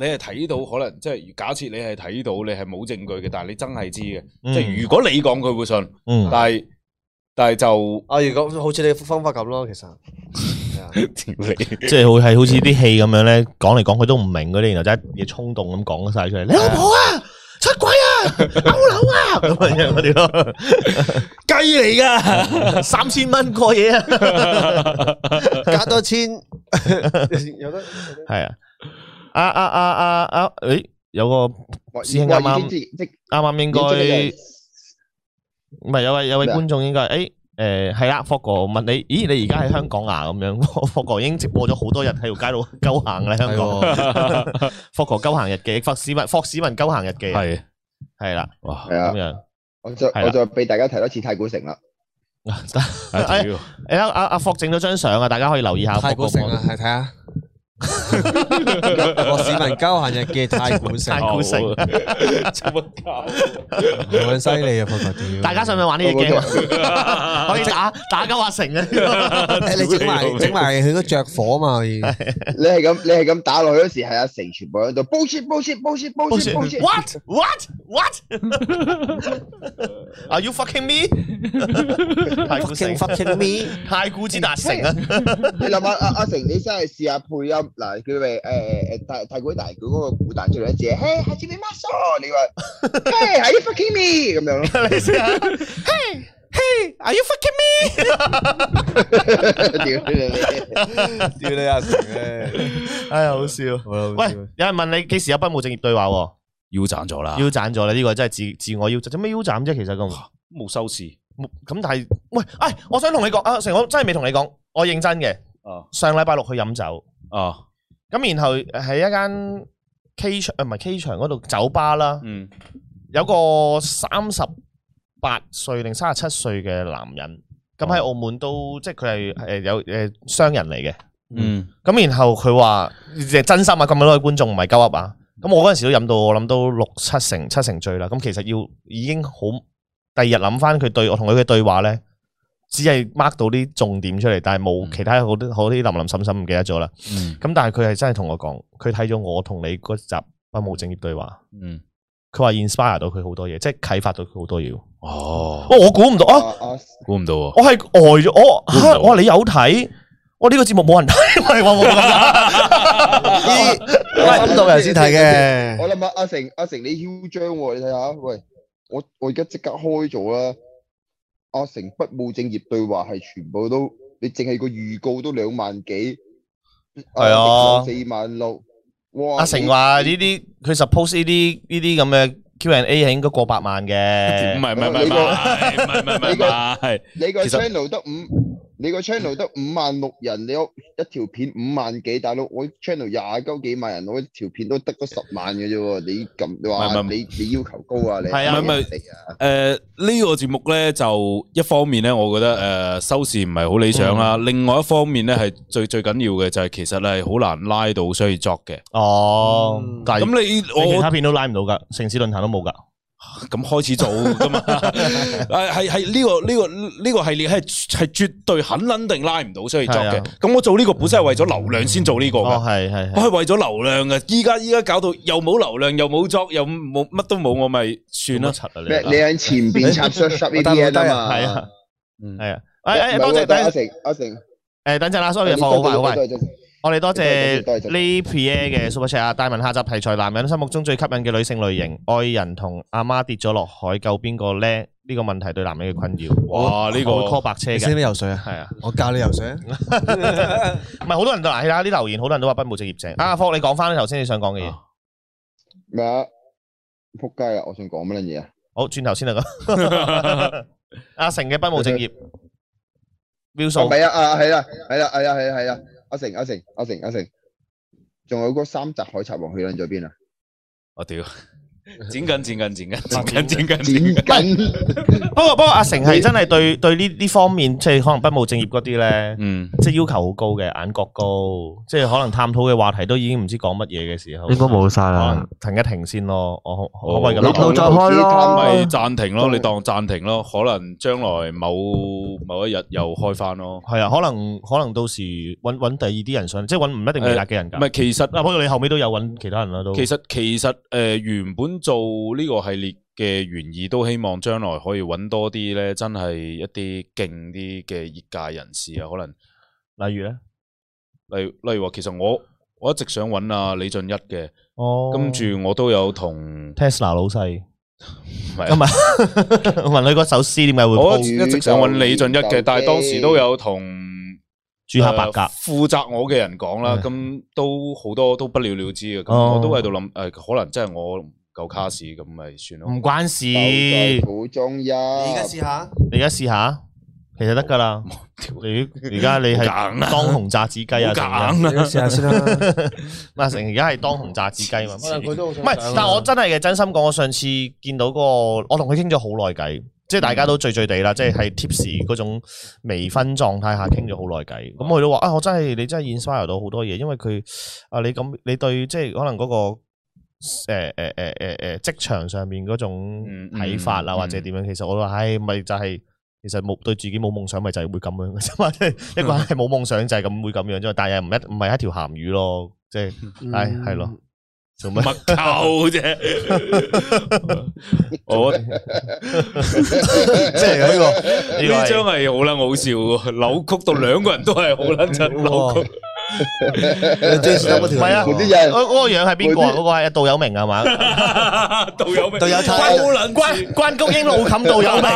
你係睇到可能即係、就是、假設你係睇到你係冇證據嘅，但係你真係知嘅。嗯、即係如果你講佢會信，對 但係但係就啊，如果好似你方法咁咯，其實、欸、 即係好似啲戲咁樣咧，講嚟講去都唔明嗰啲，然後就一嘢衝動咁講晒出嚟。你老婆啊，對呀 出軌啊，勾樓啊咁嘅嘢嗰啲咯，雞嚟㗎，三千蚊過夜啊，加多千 有，有得係啊。辣辣啊啊啊啊啊！誒，有個師兄啱啱啱啱，應該唔係，有位有位觀眾，應該誒誒係啦，霍哥問你，咦，你而家喺香港啊咁樣？霍哥已經直播咗好多日喺條街度鳩行啦，香港霍哥鳩行日記，霍市民霍市民鳩行日記。係係啦，係啊，咁樣我再我再俾大家睇多一次太古城啦，得誒阿阿阿霍整咗張相啊，大家可以留意下太古城啊，係睇下。市民交閒日嘅太古城，太古城，做乜搞咁犀利啊！大家想唔想玩呢個 game？可以打打交阿成啊，你整埋整埋佢都着火啊嘛！你係咁，你係咁打落去嗰時，係阿成全部喺度，bullshit，bullshit，bullshit，bullshit，what，what，what？Are you fucking me？太古城，fucking me？太古城達城啊！你諗阿阿阿成，你真係試下配音。嗱佢咪大誒誒，太哥大佢嗰個古大做一字是，嘿，係你媽索，你話嘿，係你 fucking me 咁樣咯，嘿嘿，are you fucking me？屌 你， 你阿成，哎呀好笑，喂，好笑喂，有人問你幾時有不務正業對話？腰斬咗啦，腰斬咗啦，呢、這個真係自自我腰斬，做咩腰斬啫？其實咁都冇收視，咁但係喂，我想同你講，阿、啊、成我真係未同你講，我真的認真嘅，上禮拜六去飲酒。哦，咁然後喺一間 K,、啊、K 場啊，唔係 K 場嗰度酒吧啦，嗯、有個三十八歲定三十七歲嘅男人，咁喺、哦、澳門都即係佢係誒有誒商人嚟嘅，嗯，咁然後佢話，誒真心啊，咁樣多位觀眾唔係鳩噏啊，咁我嗰陣時都飲到我諗到六七成七成醉啦，咁、嗯、其實要已經好，第二日諗翻佢對我同佢嘅對話咧。只係 mark 到啲重點出嚟，但係冇其他好多好啲林林沈沈唔記得咗啦。咁但係佢係真係同我講，佢睇咗我同你嗰集《不務正業對話》。佢話 inspire 到佢好多嘢，即係啟發到佢好多嘢。哦，我估唔到啊！估唔到啊！我係呆咗我，我話你有睇？我呢個節目冇人睇，我冇睇。我到人先睇嘅。我諗阿阿成阿成你囂張喎！你睇下，喂，我我而家即刻開咗啦。阿成不務正業對話係全部都，你淨係個預告都兩萬幾，係啊四萬六，哇，阿成話呢啲佢 suppose 呢啲呢啲咁嘅 Q&A 係應該過百萬嘅，唔係唔係唔係唔係唔係唔係，係你個 channel 得五。你個 channel 得五萬六人，你一一條片五萬幾？大佬我 channel 廿鳩幾萬人，我一條片都得嗰十萬嘅啫喎。你咁你話係咪係咪你你要求高啊？係啊，係咪係咪，誒呢個節目咧就一方面咧，我覺得誒收視唔係好理想啦。另外一方面咧係最最緊要嘅就係其實係好難拉到需要 job 嘅。哦，咁你我其他片都拉唔到㗎，城市論壇都冇㗎。咁、啊、開始做噶嘛？係係呢個呢、呢個呢、呢個系列係係絕對肯肯定拉唔到出，所以作嘅。咁我做呢個本身係為咗流量先做呢個噶，係係係為咗流量噶。依家，依家搞到又冇流量，又冇作，又冇乜都冇，我咪算咯，你喺前邊插插呢啲嘢，啊嘛？係 啊，係 啊。誒誒、啊、多、哎、謝，等阿成阿成，誒等陣啦，方便放好快好快。我哋多謝呢 e p i 嘅 Super Chat 啊！大文下集題材：男人心目中最吸引嘅女性類型，愛人同阿媽跌咗落海救邊個呢？呢個問題對男人嘅困擾。哇！呢個 call 白車，你識唔識游水啊？係啊，我教你游水。唔係好多人都嗱，啲留言好多人都話不務正業。正啊，阿福，你講翻頭先你想講嘅嘢。咩啊？扑街啊！我想講乜嘢啊？好，轉頭先啦咁。阿成嘅不務正業，秒數。唔係啊！啊係啦，係啦，係啊，係啊，係啊。阿成阿成阿成阿成，仲、啊啊啊、有嗰三隻《海賊王》去撚咗邊啊？我 屌樂！ 剪緊剪緊剪緊剪緊剪緊剪緊，不過不過阿成係真係對對呢呢方面即係可能不務正業嗰啲咧，嗯，即係要求好高嘅，眼角高，即係可能探討嘅話題都已經唔知講乜嘢嘅時候，應該冇晒啦，停一停先咯，我我為咁諗到再開啦，咪暫停咯，你當暫停咯，可能將來某某一日又開翻咯，係啊，可能可能到時搵搵第二啲人上，即係搵唔一定廿嘅人，唔係其實嗱，不過你後尾都有搵其他人啦，都其實其實誒原本。做呢個系列嘅原意都希望將來可以揾多啲咧，真係一啲勁啲嘅業界人士啊，可能例如咧，例如例如話，其實我我一直想揾阿李俊一嘅。哦，跟住我都有同 Tesla 老細，唔係啊嘛，問你嗰首詩點解會？我一直想揾李俊一嘅，但係當時都有同朱克伯格負責我嘅人講啦，咁都好多都不了了之嘅，咁我都喺度諗，誒、嗯，可能真係我。夠卡士咁咪算咯，唔關事。好中意，你而家試下，你而家試下，其實得噶啦。你而家你係當紅炸子雞啊？梗啦，試下先啦。唔係而家係當紅炸子雞嘛、啊？唔係、 啊，不是但係我真係嘅， 真心講，我上次見到、那個，我同佢傾咗好耐偈，即係、嗯、大家都醉醉地啦，即、就、係、是、係 tipsy 嗰種微醺狀態下傾咗好耐偈。咁佢、嗯嗯、都話啊，我真係你真係 inspire 到好多嘢，因為佢啊，你咁你對即係可能嗰、那個。誒誒誒誒誒，職、呃呃呃呃呃呃、場上面嗰種睇法啦，或者點樣，其實我都話，唉，咪就係，其實冇對自己冇夢想，咪就係會咁樣。即係一個人係冇夢想，就係咁會咁樣啫。但係唔一唔係一條鹹魚咯，即係，唉，係咯，做乜頭啫？ 我即係呢個呢張係好捻好笑，扭曲到兩個人都係好捻真扭曲。最識得條係啊！嗰嗰個樣係邊個啊？嗰個係杜有明係嘛？杜有明，導有太關關公英老冚杜有明。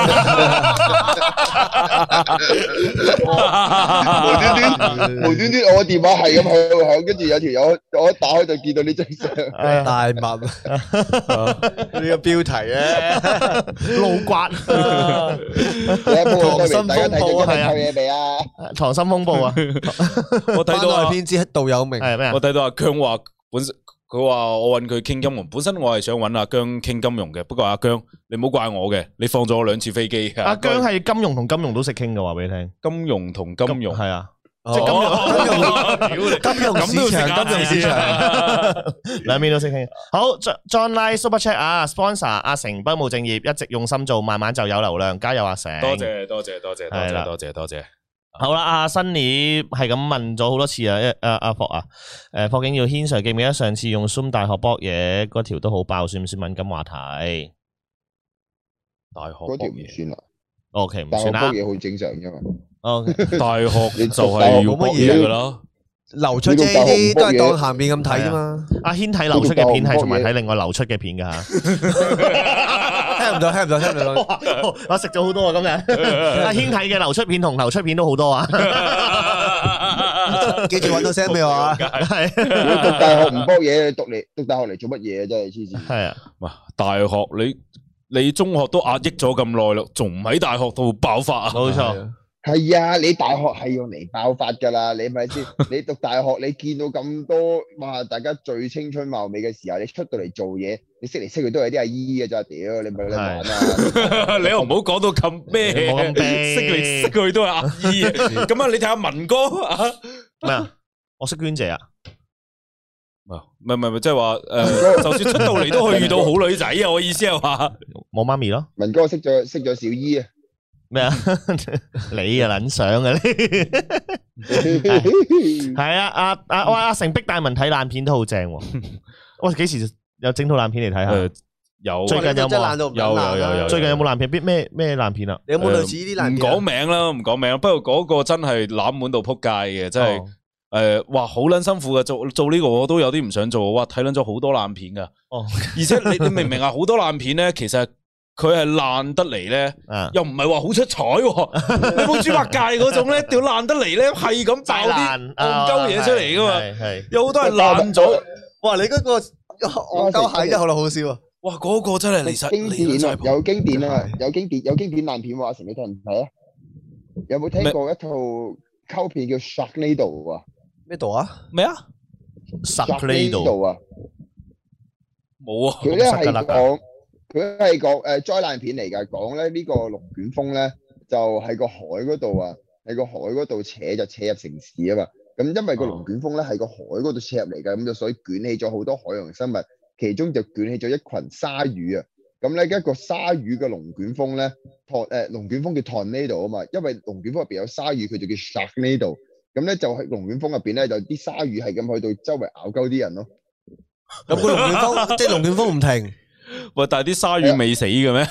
無端端，無端端，我電話係咁響響，跟住有條友，我一打開就見到呢張相。大物呢個標題咧，腦刮唐睇風嘢未啊！溏心風暴啊！我睇到啊！邊知道有名？我睇到阿薑話本身，佢話我揾佢傾金融。本身我係想揾阿薑傾金融嘅，不過阿薑，你唔好怪我嘅，你放咗我兩次飛機。阿薑係金融同金融都識傾嘅，話俾你聽。金融同金融係啊，即係金融、金融、金融市場、金融市場，兩邊都識傾。好，John Lai，Super Chat 啊，sponsor 阿成不務正業，一直用心做，慢慢就有流量。加油，阿成！多謝多謝多謝多謝多謝多謝。好啦，阿新你係咁問咗好多次啊，一阿阿霍啊，誒霍、啊、霍景耀軒 sir 記唔記得上次用 Zoom 大學博嘢嗰條都好爆，算唔算敏感話題？大學嗰條唔算啦，OK 唔算啦，大學博嘢好正常噶嘛，OK 大學就你就係要乜嘢噶咯，流出即係呢啲都係當下面咁睇啊嘛，阿軒睇流出嘅片係，同埋睇另外流出嘅片噶吓。 聽唔到，聽唔到，聽唔到。我食咗好多啊，今日阿軒睇嘅流出片同流出片都好多啊。 記住揾到聲畀我啊！係 讀大學唔煲嘢，讀嚟讀大學嚟做乜嘢真係黐線。係啊，哇、啊啊！大學你你中學都壓抑咗咁耐咯，仲唔喺大學度爆發啊，啊？冇錯。係啊，你大學係用嚟爆發噶啦，你咪先？你讀大學，你見到咁多哇，大家最青春貌美嘅時候，你出到嚟做嘢，你識嚟識去都係啲阿姨嘅咋？屌，你咪你諗啦！你又唔好講到咁咩？識嚟識去都係阿姨啊！咁啊，你睇下文哥啊，咩啊？我識娟姐啊，唔係唔係唔係，即係話誒，就是呃、 就算出到嚟都可以遇到好女仔啊！我意思係話，冇媽咪咯。文哥識咗識咗小姨啊。咩啊？你啊，撚想嘅咧？係啊，阿阿哇，阿成逼大文睇爛片都好正喎！喂，幾時有整套爛片嚟睇下？有最近有冇有有有？最近有冇爛片？逼咩咩爛片啊？你有冇類似呢啲爛片？唔講名啦，唔講名。不過嗰個真係冷門到撲街嘅，真係誒，哇，好撚辛苦嘅做做呢個，我都有啲唔想做。哇，睇撚咗好多爛片噶。哦，而且你你明唔明啊，好多爛片咧，其實。佢係爛得嚟咧，又唔係話好出彩，你豬八戒嗰種咧，屌爛得嚟咧，係咁爆啲戇鳩嘢出嚟噶嘛？有好多係爛咗。哇！你嗰個我鳩蟹真係好老好笑。哇！嗰個真係離晒離晒譜，有經典啊，有經典有經典爛片。華成你睇唔睇啊？有冇聽過一套溝片叫《Shackle》啊？咩度啊？咩啊？Shackle 啊？冇啊！佢佢係個誒災難片嚟噶，講咧呢個龍捲風咧就喺個海嗰度啊，喺個海嗰度扯就扯入城市啊嘛。咁、嗯嗯、因為個龍捲風咧喺個海嗰度扯入嚟嘅，咁就所以捲起咗好多海洋生物，其中就捲起咗一群鯊魚啊。咁、嗯、咧一個鯊魚嘅龍捲風咧，托誒龍捲風叫 tornado 啊嘛，因為龍捲風入邊有鯊魚，佢就叫 sharknado。咁咧就喺龍捲風入邊咧，就啲鯊魚係咁去到周圍咬鳩啲人咯。有個龍捲風，即係龍捲風唔停。喂、就是，但係啲鯊魚未死嘅咩？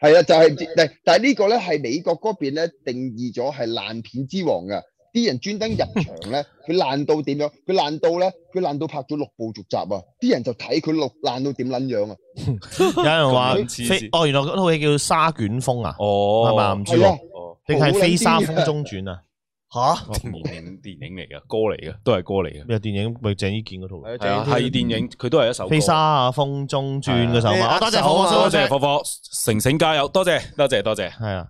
係啊，就係，但係呢個咧係美國嗰邊咧定義咗係爛片之王嘅，啲人專登入場咧，佢爛到點樣？佢爛到咧，佢爛到拍咗六部續集啊！啲人就睇佢六爛到點撚樣啊！ 有人話說哦，原來嗰套戲叫沙、啊《沙捲風》啊？哦，係嘛、啊？唔知哦，定係《飛沙風中轉》啊？吓，電影電影嚟嘅，歌嚟嘅，都係歌嚟嘅。咩電影？咪鄭伊健嗰套，係電影，佢都係一首。飛沙啊，風中轉嗰首嘛。多謝，好多謝，火火，成成加油，多謝，多謝，多謝。係啊，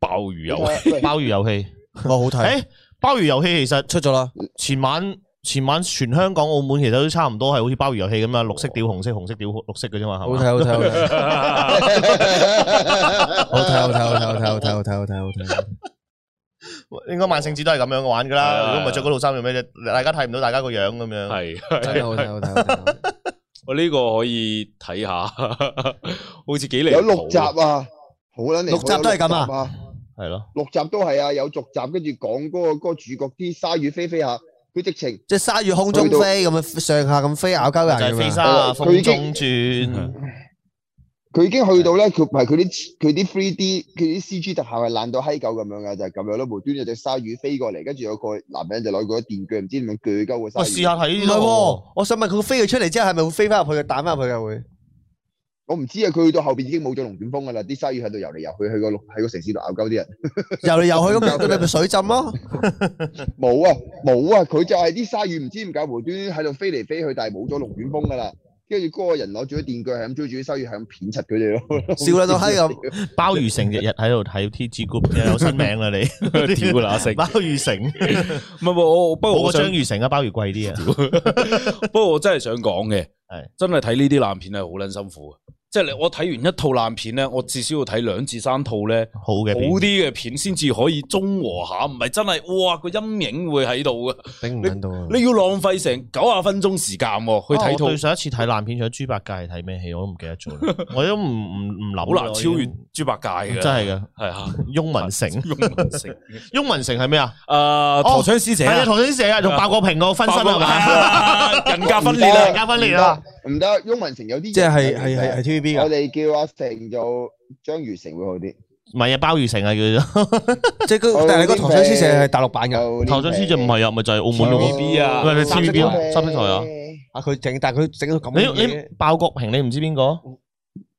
鮑魚遊戲，鮑魚遊戲，我好睇。誒，鮑魚遊戲其實出咗啦。前晚前晚全香港澳門其實都差唔多，係好似鮑魚遊戲咁樣，綠色掉紅色，紅色掉綠色嘅啫嘛，好好好好睇，睇，睇！睇！好睇好睇好睇好睇好睇好睇好睇好睇。應該萬聖節都係咁樣玩噶啦，如果唔係着嗰套衫做咩啫？大家睇唔到大家個樣咁樣。係， 我呢個可以睇下， 好似幾靚。有六集啊，好啦，你、啊。的六集都係咁啊，係咯，六集都係啊，有續集，跟住講嗰個個主角啲鯊魚飛飛下，佢直情即係鯊魚空中飛咁樣上下咁飛咬交啊，就係飛鯊，風中轉。佢已經去到咧，佢唔係佢啲佢啲 three D 佢啲 C G 特效係爛到閪狗咁樣㗎，就係、是、咁樣咯。無端有隻鯊魚飛過嚟，跟住有個男人就攞嗰啲電鋸，唔知點樣鋸鳩個鯊魚。我試下睇，我想問佢飛佢出嚟之後係咪會飛翻入去嘅，彈翻入去又會？我唔知啊，佢去到後邊已經冇咗龍捲風㗎啦，啲鯊魚喺度游嚟遊去，喺個喺個城市度咬鳩啲人。游嚟遊去咁，游到咪水浸咯？冇啊冇啊，佢、 啊啊啊、就係啲鯊魚唔知唔知，唔知點解無端喺度飛嚟飛去，但係冇咗龍捲風㗎啦。跟住嗰個人攞住啲電鋸係咁追住啲鯊魚係咁片柒佢哋咯，笑到都閪咁。鮑魚城日日喺度睇 T G Group，有新名啦你。鮑 魚城，唔係唔係我，不過我張魚城啊，鮑魚貴啲啊。 不過我真係想講嘅係，真係睇呢啲爛片係好撚辛苦啊。即係我睇完一套爛片咧，我至少要睇兩至三套咧，好嘅好啲嘅片先至可以中和下，唔係真係哇個陰影會喺度㗎，頂唔頂到啊！你要浪費成九十分鐘時間去睇套上一次睇爛片，除咗《豬八戒》睇咩戲？我都唔記得咗，我都唔唔唔難，超越《豬八戒》嘅，真係嘅，係啊，翁文成，翁文成，翁文成係咩啊？誒，陀槍師姐，陀槍師姐同白國平個分身係嘛？人格分裂啊，人格分裂啊，唔得，翁文成有啲即係係係係添。我哋叫阿成做章魚城會好啲，唔係啊，鮑魚城啊叫做，即係嗰但係嗰唐尚思社係大陸版嘅，唐尚思就唔係啊，咪就係澳門咯。B 啊，三色台啊，啊佢整，但係佢整到咁。你你鮑國平你唔知邊個？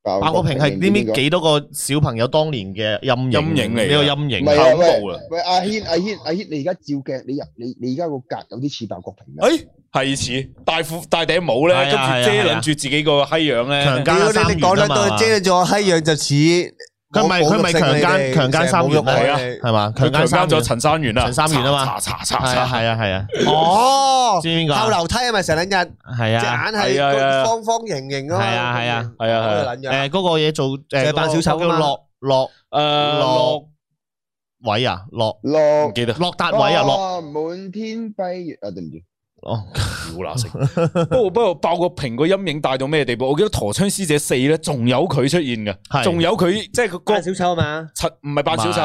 鮑國平係呢邊幾多個小朋友當年嘅陰影陰影嚟，呢個陰影太高啦。喂阿軒阿軒阿軒，你而家照鏡，你入你你而家個格有啲似鮑國平啊？係似戴副戴頂帽咧，跟住遮住住自己個閪樣咧。強奸，你講得多遮咗閪樣就似佢咪佢咪強奸強奸三元啊？係嘛？強奸咗陳三元啊。陳三元啊嘛。查查查查，係啊係啊。哦，知邊個？後樓梯係咪成日？係啊，隻眼係方方形形啊。係啊係啊係啊係啊。誒，嗰個嘢做誒扮小丑叫落落誒落位啊，落落。唔記得落達位啊，落滿天飛月啊，對唔住。哦，嗱，不過不過鮑國平個陰影大到咩地步？我記得陀槍師姐四咧，仲有佢出現嘅，仲有佢即係個哥小丑嘛？陳唔係扮小丑，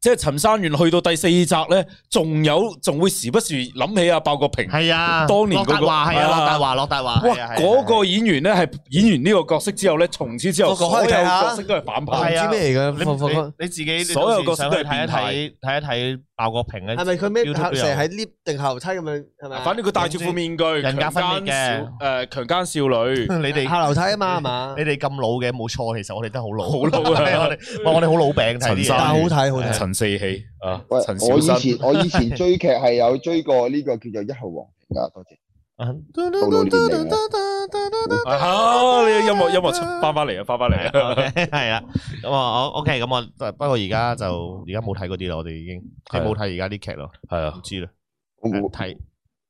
即係陳三元去到第四集咧，仲有仲會時不時諗起阿鮑國平，係啊，當年嗰個係啊，駱達華，駱達華，嗰個演員咧係演完呢個角色之後咧，從此之後所有角色都係反派，係啊，咩嚟㗎你你自己所有角色都係反派，睇一睇。爆個瓶咧，係咪佢咩，成日喺 lift 定後樓梯咁樣，係咪？反正佢戴住副面具，人格分裂嘅，誒，強姦少女，你哋下樓梯啊嘛，係嘛？你哋咁老嘅，冇錯，其實我哋都好老，好老啊！我哋，哇，我哋好老餅睇啲嘢，但係好睇，好睇。陳四喜啊，陳小生，我以前追劇係有追過呢個叫做《一號皇庭》噶，多謝。好，呢個音樂音樂翻翻嚟啊，翻翻嚟啊，係啊。咁我，OK，咁我不過而家就而家冇睇嗰啲咯，我哋已經，你冇睇而家啲劇咯，係啊，唔知啦，我冇睇，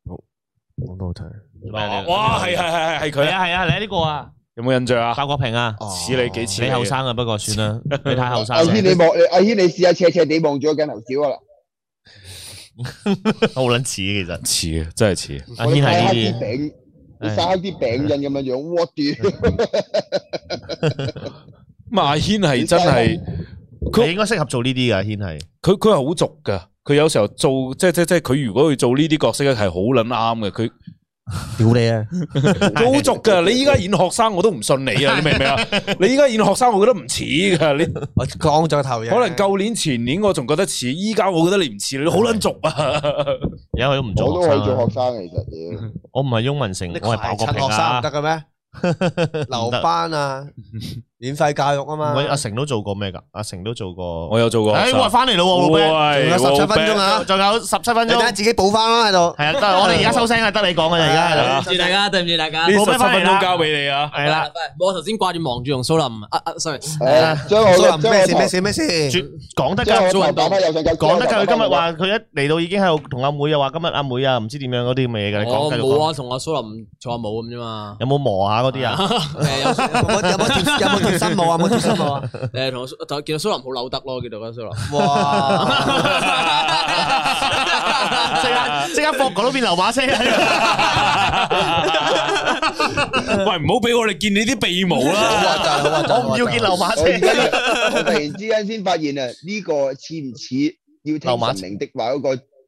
我都冇睇。哇，係係係係係佢，係啊係啊，嚟呢個啊，有冇印象啊？包國平啊，似你幾似，你後生啊，不過算啦，你太後生。阿軒，你望，阿軒你試下斜斜地望住個鏡頭笑啊啦。好撚似，其實似啊，真係似。阿軒係呢啲你晒啲餅印咁樣樣，我屌他。咁阿軒係真係，佢應該適合做呢啲噶。阿軒係，佢佢係好俗噶，佢有時候做即即即佢如果去做呢啲角色咧，係好撚啱嘅佢。屌你啊，好俗噶！你依家演學生我都唔信你啊，你明唔明啊？你依家演學生，我覺得唔似噶。你我講咗頭嘢，可能舊年前年我仲覺得似，依家我覺得你唔似你，好撚俗啊！而家我都唔做，我都係做學生其嚟嘅。我唔係翁文成，懷我係爆國平，學生唔得噶咩？留班啊！免費教育啊嘛！阿成都做過咩噶？阿成都做過，我有做過。哎，我翻嚟咯，老 friend，仲有十七分鐘啊！仲有十七分鐘，自己補翻咯喺度。係啊，得，我哋而家收聲啊，得你講嘅啫，而家係啦。多謝大家，對唔住大家。冇十七分鐘交俾你啊，係啦。我頭先掛住忙住同蘇林，啊啊，sorry。蘇林咩事咩事咩事？講得噶，蘇林講得有進步。講得噶，佢今日話佢一嚟到已經喺度同阿妹又話今日阿妹啊，唔知點樣嗰啲咁嘅嘢噶。我冇啊，同阿蘇林坐下舞咁啫嘛。有冇磨下嗰啲啊？有冇？有冇？冇啊，冇，誒同蘇，見到蘇林好扭得咯，見到阿蘇林。哇！即刻即刻，博哥都變劉馬車。喂，唔好俾我哋見你啲鼻毛啦！我唔要見劉馬車。我突然之間先發現啊，呢個似唔似要聽劉馬車的話嗰個？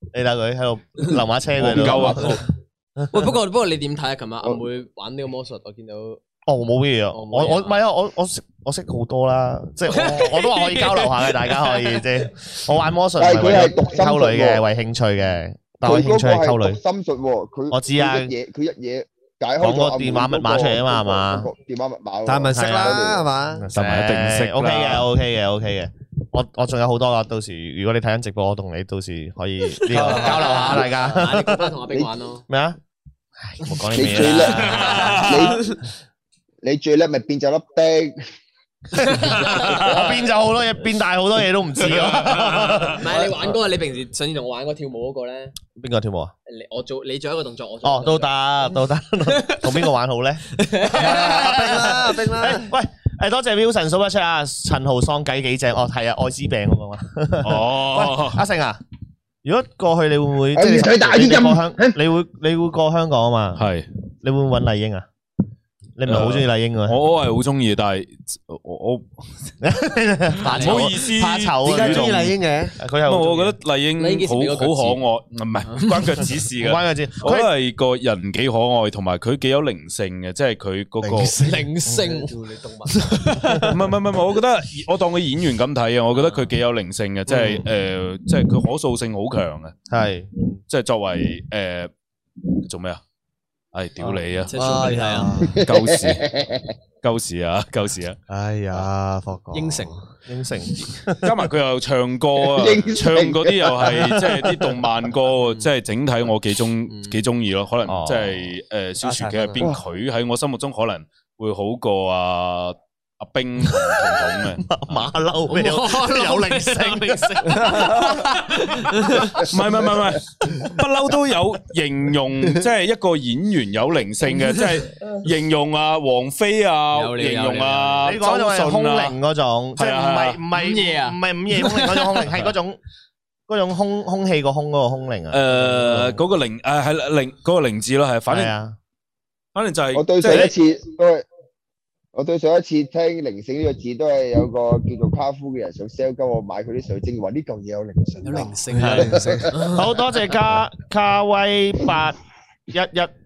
你睇佢喺度溜馬車佢，唔夠啊！喂，不過不過你點睇啊？琴日阿妹玩呢個魔術，我見到哦，冇乜嘢啊！我我唔係啊，我我識我識好多啦，即係我都話可以交流下嘅，大家可以即係。我玩魔術，但係佢係溝女嘅，為興趣嘅，但我興趣係溝女。心術喎，佢我知啊，佢一嘢解開個電話密碼出嚟啊嘛，係嘛？電話密碼，但係咪識啦？係嘛？一定識。OK 嘅，OK 嘅，OK 嘅。我我仲有好多噶，到時如果你睇緊直播，我同你到時可以交流下大家。同阿兵玩咯。咩啊？我講啲咩咧？你你最叻咪變咗粒兵，變咗好多嘢，變大好多嘢都唔似咯。唔係你玩過，你平時上次同我玩過跳舞嗰個咧？邊個跳舞啊？你我做你做一個動作，我哦都得都得，同邊個玩好咧？阿兵啦，阿兵啦，喂。誒，多謝 Wilson 數出啊，陳豪喪計幾正哦，係啊，艾滋病嗰個嘛。哦，啊 oh. 喂，阿盛啊，如果過去你會唔會、oh. 即係佢大啲任務，你會你會過香港啊嘛？係，oh. 你會唔會搵麗英啊？你唔係好中意麗英嘅？我我係好中意，但係我唔好意思怕醜啊！而家中意麗英嘅？佢係我覺得麗英好好可愛，唔係關佢指事嘅。關佢指，我覺得係個人幾可愛，同埋佢幾有靈性嘅。即係佢嗰個靈性。叫你動物唔係唔係唔係，我覺得我當佢演員咁睇啊！我覺得佢幾有靈性嘅，即係誒，即係佢可塑性好強嘅。係，即係作為誒做咩啊？係、哎、屌你啊！係啊，舊時舊時啊，舊時啊！哎呀，霍哥應承應承，加埋佢又唱歌啊， 聲唱嗰啲又係即係啲動漫歌，即係、嗯、整體我幾中、嗯、幾中意咯。可能即係誒，小傳奇其實邊佢喺我心目中可能會好過啊。哇阿兵同埋馬騮，有靈性，靈性。唔係唔係唔係，不嬲都有形容，即係一個演員有靈性嘅，即係形容啊王菲啊，形容啊周迅啊嗰種，即係唔係唔係五夜唔係五夜空靈嗰種空靈，係嗰種嗰種空空氣個空嗰個空靈啊。誒，嗰個靈誒係靈嗰個靈字咯，係，反正，反正就係即係一次。我對上一次聽靈性呢個字都係有個叫做卡夫嘅人想 sell，畀我買佢啲水晶，話呢嚿嘢有靈性。有靈性，有靈性。 好多謝卡卡威八一一。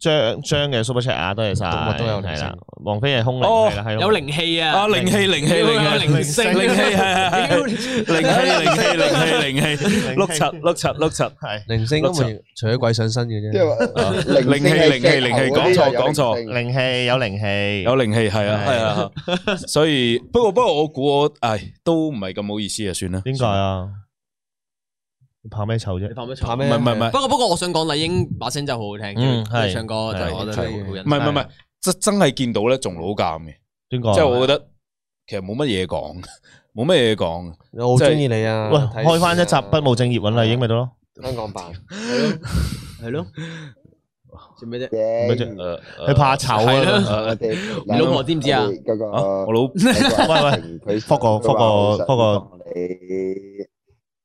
張張嘅 super chat，多謝晒，動物都有睇啦。王菲係空靈嚟啦，係咯，有靈氣啊，啊靈氣，靈氣，靈氣，靈氣，靈氣係係係，靈氣，靈氣，靈氣，靈氣，六七六七六七係，靈聲咁樣，除咗鬼上身嘅啫。靈氣靈氣靈氣，講錯講錯，靈氣有靈氣，有靈氣係啊係啊，所以不過不過我估我唉都唔係咁好意思啊，算啦。點解啊？怕咩醜啫？怕咩醜？唔係唔係唔係。不過不過，我想講麗英把聲真係好好聽嘅，唱歌就我覺得好引。唔係唔係唔係，真真係見到咧仲老尷嘅。點講？即係我覺得其實冇乜嘢講，冇乜嘢講。我好中意你啊！喂，開翻一集不務正業搵麗英咪得咯？香港版係咯？做咩啫？佢怕醜你老婆知唔知啊？個我老喂喂，覆個覆個覆個你。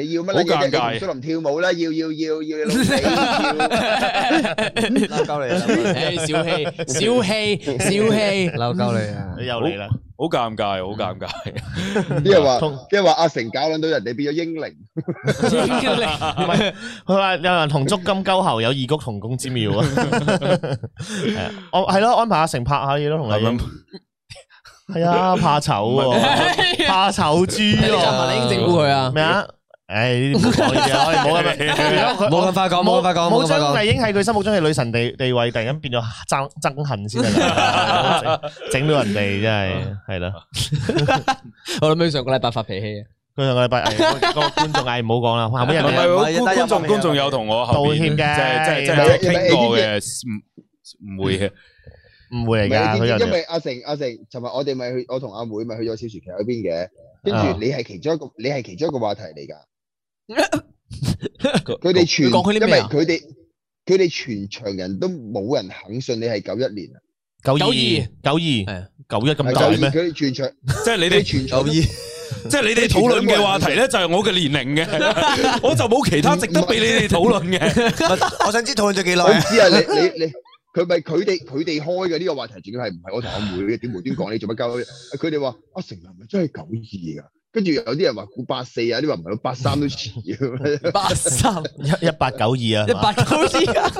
你要乜嘢？阿蘇林跳舞啦，要要要要老死，嬲鳩你，小氣小氣小氣，嬲鳩你啊！你又嚟啦，好尷尬，好尷尬。啲人話，即係話阿成搞撚到人哋變咗英靈，唔係，佢話有人同足金鳩喉有異曲同工之妙啊！我係咯，安排阿成拍下嘢咯，同你，係啊，怕醜啊，怕醜豬啊！你應整蠱佢啊？咩啊？誒，呢啲唔好意思，冇咁快講，冇咁快講，冇張麗英喺佢心目中嘅女神地地位突然間變咗憎憎恨先啦，整到人哋真係係啦。我諗起上個禮拜發脾氣啊，佢上個禮拜個觀眾嗌唔好講啦，阿妹，唔係，觀眾觀眾有同我道歉嘅，即係即係即係傾過嘅，唔唔會嘅，唔會嚟嘅。因為阿成阿成尋日我哋咪去，我同阿妹咪去咗小傳奇嗰邊嘅，跟住你係其中一個，你係其中一個話題嚟噶。佢哋全，因為佢哋佢哋全場人都冇人肯信你係九一年啊，九二九二係啊，九一咁大咩？佢哋全場，即係你哋全場，即係你哋討論嘅話題咧，就係我嘅年齡嘅，我就冇其他值得俾你哋討論嘅。我想知討論咗幾耐？我唔知啊，你你你，佢咪佢哋佢哋開嘅呢個話題，主要係唔係我同阿妹短梅短講，你做乜鳩？佢哋話阿成林咪真係九二噶。跟住有啲人話估八四啊，啲話唔係八三都似嘅，八三一一八九二啊，一八九二啊，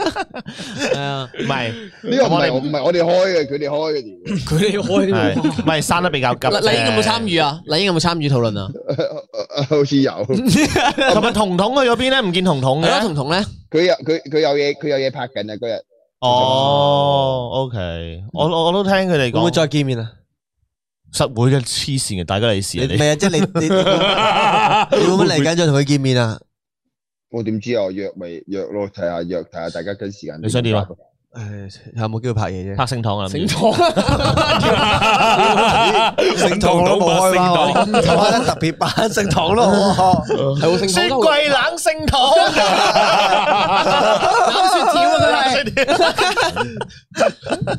係啊，唔係呢個我哋唔係我哋開嘅，佢哋開嘅，佢哋開嘅，唔係生得比較急。麗英有冇參與啊？麗英有冇參與討論啊？好似有。同埋彤彤去咗邊咧？唔見彤彤嘅，彤彤咧？佢有佢佢有嘢佢有嘢拍緊啊！嗰日哦，OK，我我都聽佢哋講，會再見面啊。實會嘅黐線嘅，大家嚟試啊！你唔係啊，即係你你會唔會嚟緊再同佢見面啊？我點知啊？約咪約咯，睇下約睇下，大家跟時間。你想點啊？誒，有冇機會拍嘢啫？拍聖堂啊！聖堂，聖堂都冇開啦，開得特別版聖堂咯，係好聖堂。雪櫃冷聖堂，雪天啊！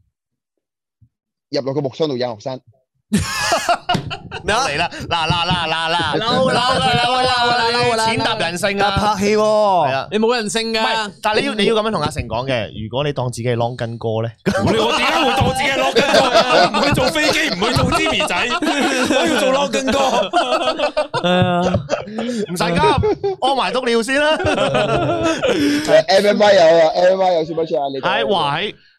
入落個木箱度引學生，嚟啦！嗱嗱嗱嗱嗱，嬲嬲啊嬲啊嬲啊！踐踏人性啊，拍戲喎，你冇人性噶。但係你要你要咁樣同阿成講嘅，如果你當自己係 longin 哥咧，我點解會當自己係 longin 哥？唔會做飛機，唔會做 Jimmy 仔，我要做 longin 哥。唔使急，安埋督尿先啦。M M I 有啊，M M I 有先，不如阿你。哎，華喺。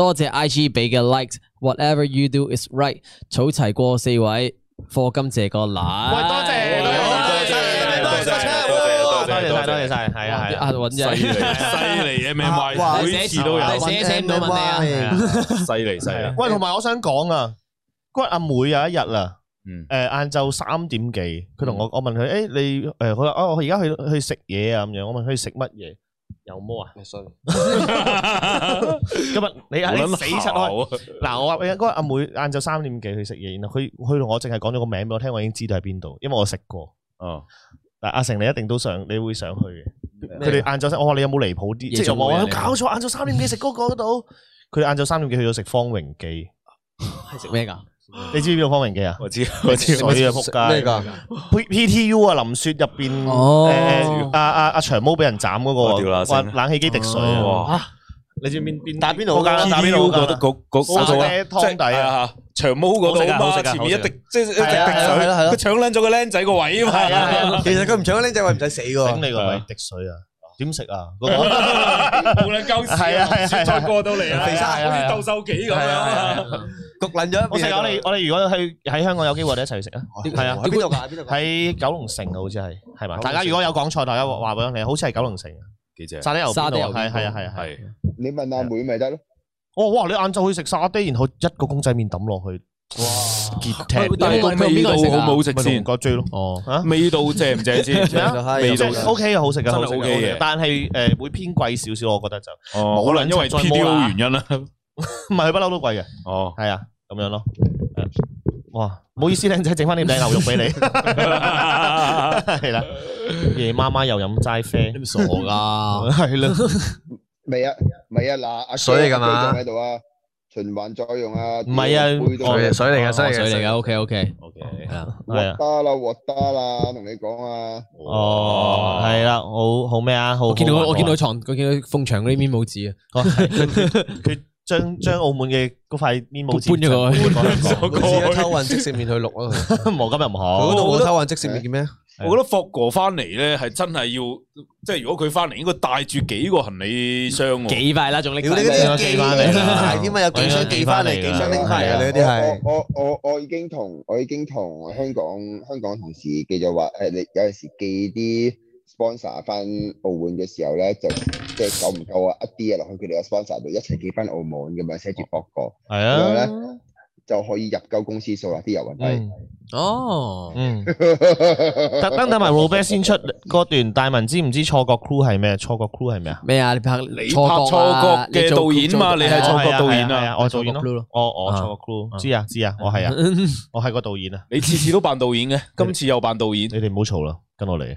多謝 IG 俾嘅 likes，whatever you do is right，儲齊過四位，貨金謝個奶，多謝多謝多謝多謝多謝多謝多謝多謝，係啊係啊，穩陣，犀利 M M Y，每一次都有，寫寫唔到問題啊，犀利犀利。喂，同埋我想講啊，嗰日阿妹有一日啦，誒晏晝三點幾，佢同我我問佢，誒你誒佢話，哦我而家去去食嘢啊咁樣，我問佢食乜嘢？有魔啊！信今日你喺啲死出嚟嗱，我話嗰個阿妹晏晝三點幾去食嘢，然後佢佢同我淨係講咗個名俾我聽，我已經知道喺邊度，因為我食過。哦，但阿成你一定都想，你會想去嘅。佢哋晏晝食，我話你有冇離譜啲？即係有冇啊？搞錯，晏晝三點幾食嗰個嗰度？佢哋晏晝三點幾去咗食方榮記，係食咩㗎？你知唔知叫方榮記啊？我知，我知。水啊，仆街！咩噶 PTU 啊，林雪入邊，誒，阿阿長毛俾人斬嗰個掉啦，或冷氣機滴水啊！吓，你知邊邊打邊爐？打邊爐嗰嗰嗰個咩湯底啊？吓，長毛嗰個。長毛前面的，即係一滴水，佢搶捻咗個僆仔個位啊嘛。其實佢唔搶個僆仔位唔使死噶，頂你個位滴水啊！點食啊？無論夠少，食材過到嚟啊，肥晒啊，好似鬥獸棋咁樣啊，焗撚咗。我哋我哋如果喺喺香港有機會，我哋一齊去食啊。係啊，喺邊度噶？喺九龍城啊，好似係，係嘛？大家如果有講錯，大家話俾我聽。好似係九龍城啊。記者？沙爹牛，沙爹牛，係係啊係啊係。你問阿妹咪得咯。我哇！你晏晝去食沙爹，然後一個公仔麵抌落去。哇！傑踢，但係味道好唔好食先？阿 J 咯，哦，味道正唔正先？咩啊？味道 OK 啊，好食噶，真係 OK 嘅。但係誒，會偏貴少少，我覺得就可能因為 P D O 原因啦。唔係，不嬲都貴嘅。哦，係啊，咁樣咯。哇，唔好意思，靚仔，整翻啲靚牛肉俾你。係啦，夜媽媽又飲齋啡，你唔傻噶？係啦，未啊，未啊，嗱，阿水仲喺度啊。循環作用啊，唔係啊，水嚟噶，海水嚟噶，OK OK OK 啊，係啊，water 啦 water 啦，同你講啊，哦，係啦，好好咩啊，我見到我見到床，佢見到封牆嗰啲面膜紙啊，佢將將澳門嘅嗰塊面膜紙搬咗過去，偷運即食麵去錄咯，冇今日唔好，佢嗰度偷運即食麵叫咩？我覺得霍哥翻嚟咧係真係要，即係如果佢翻嚟應該帶住幾個行李箱喎？寄快啦，仲拎幾箱寄翻嚟，係因啊？ 有幾箱寄翻嚟，幾箱拎翻嚟啊！對你嗰啲係我我我，我已經同我已經同香港香港同事記咗話，誒你有陣時寄啲 sponsor 翻澳門嘅時候咧，就即係夠唔夠啊？一啲啊落去佢哋嘅 sponsor 度一齊寄翻澳門嘅嘛，寫住霍哥係啊。就可以入夠公司數下啲油運低哦，嗯，特登等埋 Robert 先出嗰段。大文知唔知錯覺 crew 係咩？錯覺 crew 係咩啊？咩啊？你拍錯錯覺嘅導演嘛？你係錯覺導演啊？我錯覺 crew 咯，我我錯覺 crew，知啊知啊，我係啊，我係個導演啊，你次次都扮導演嘅，今次又扮導演，你哋唔好嘈啦，跟我嚟。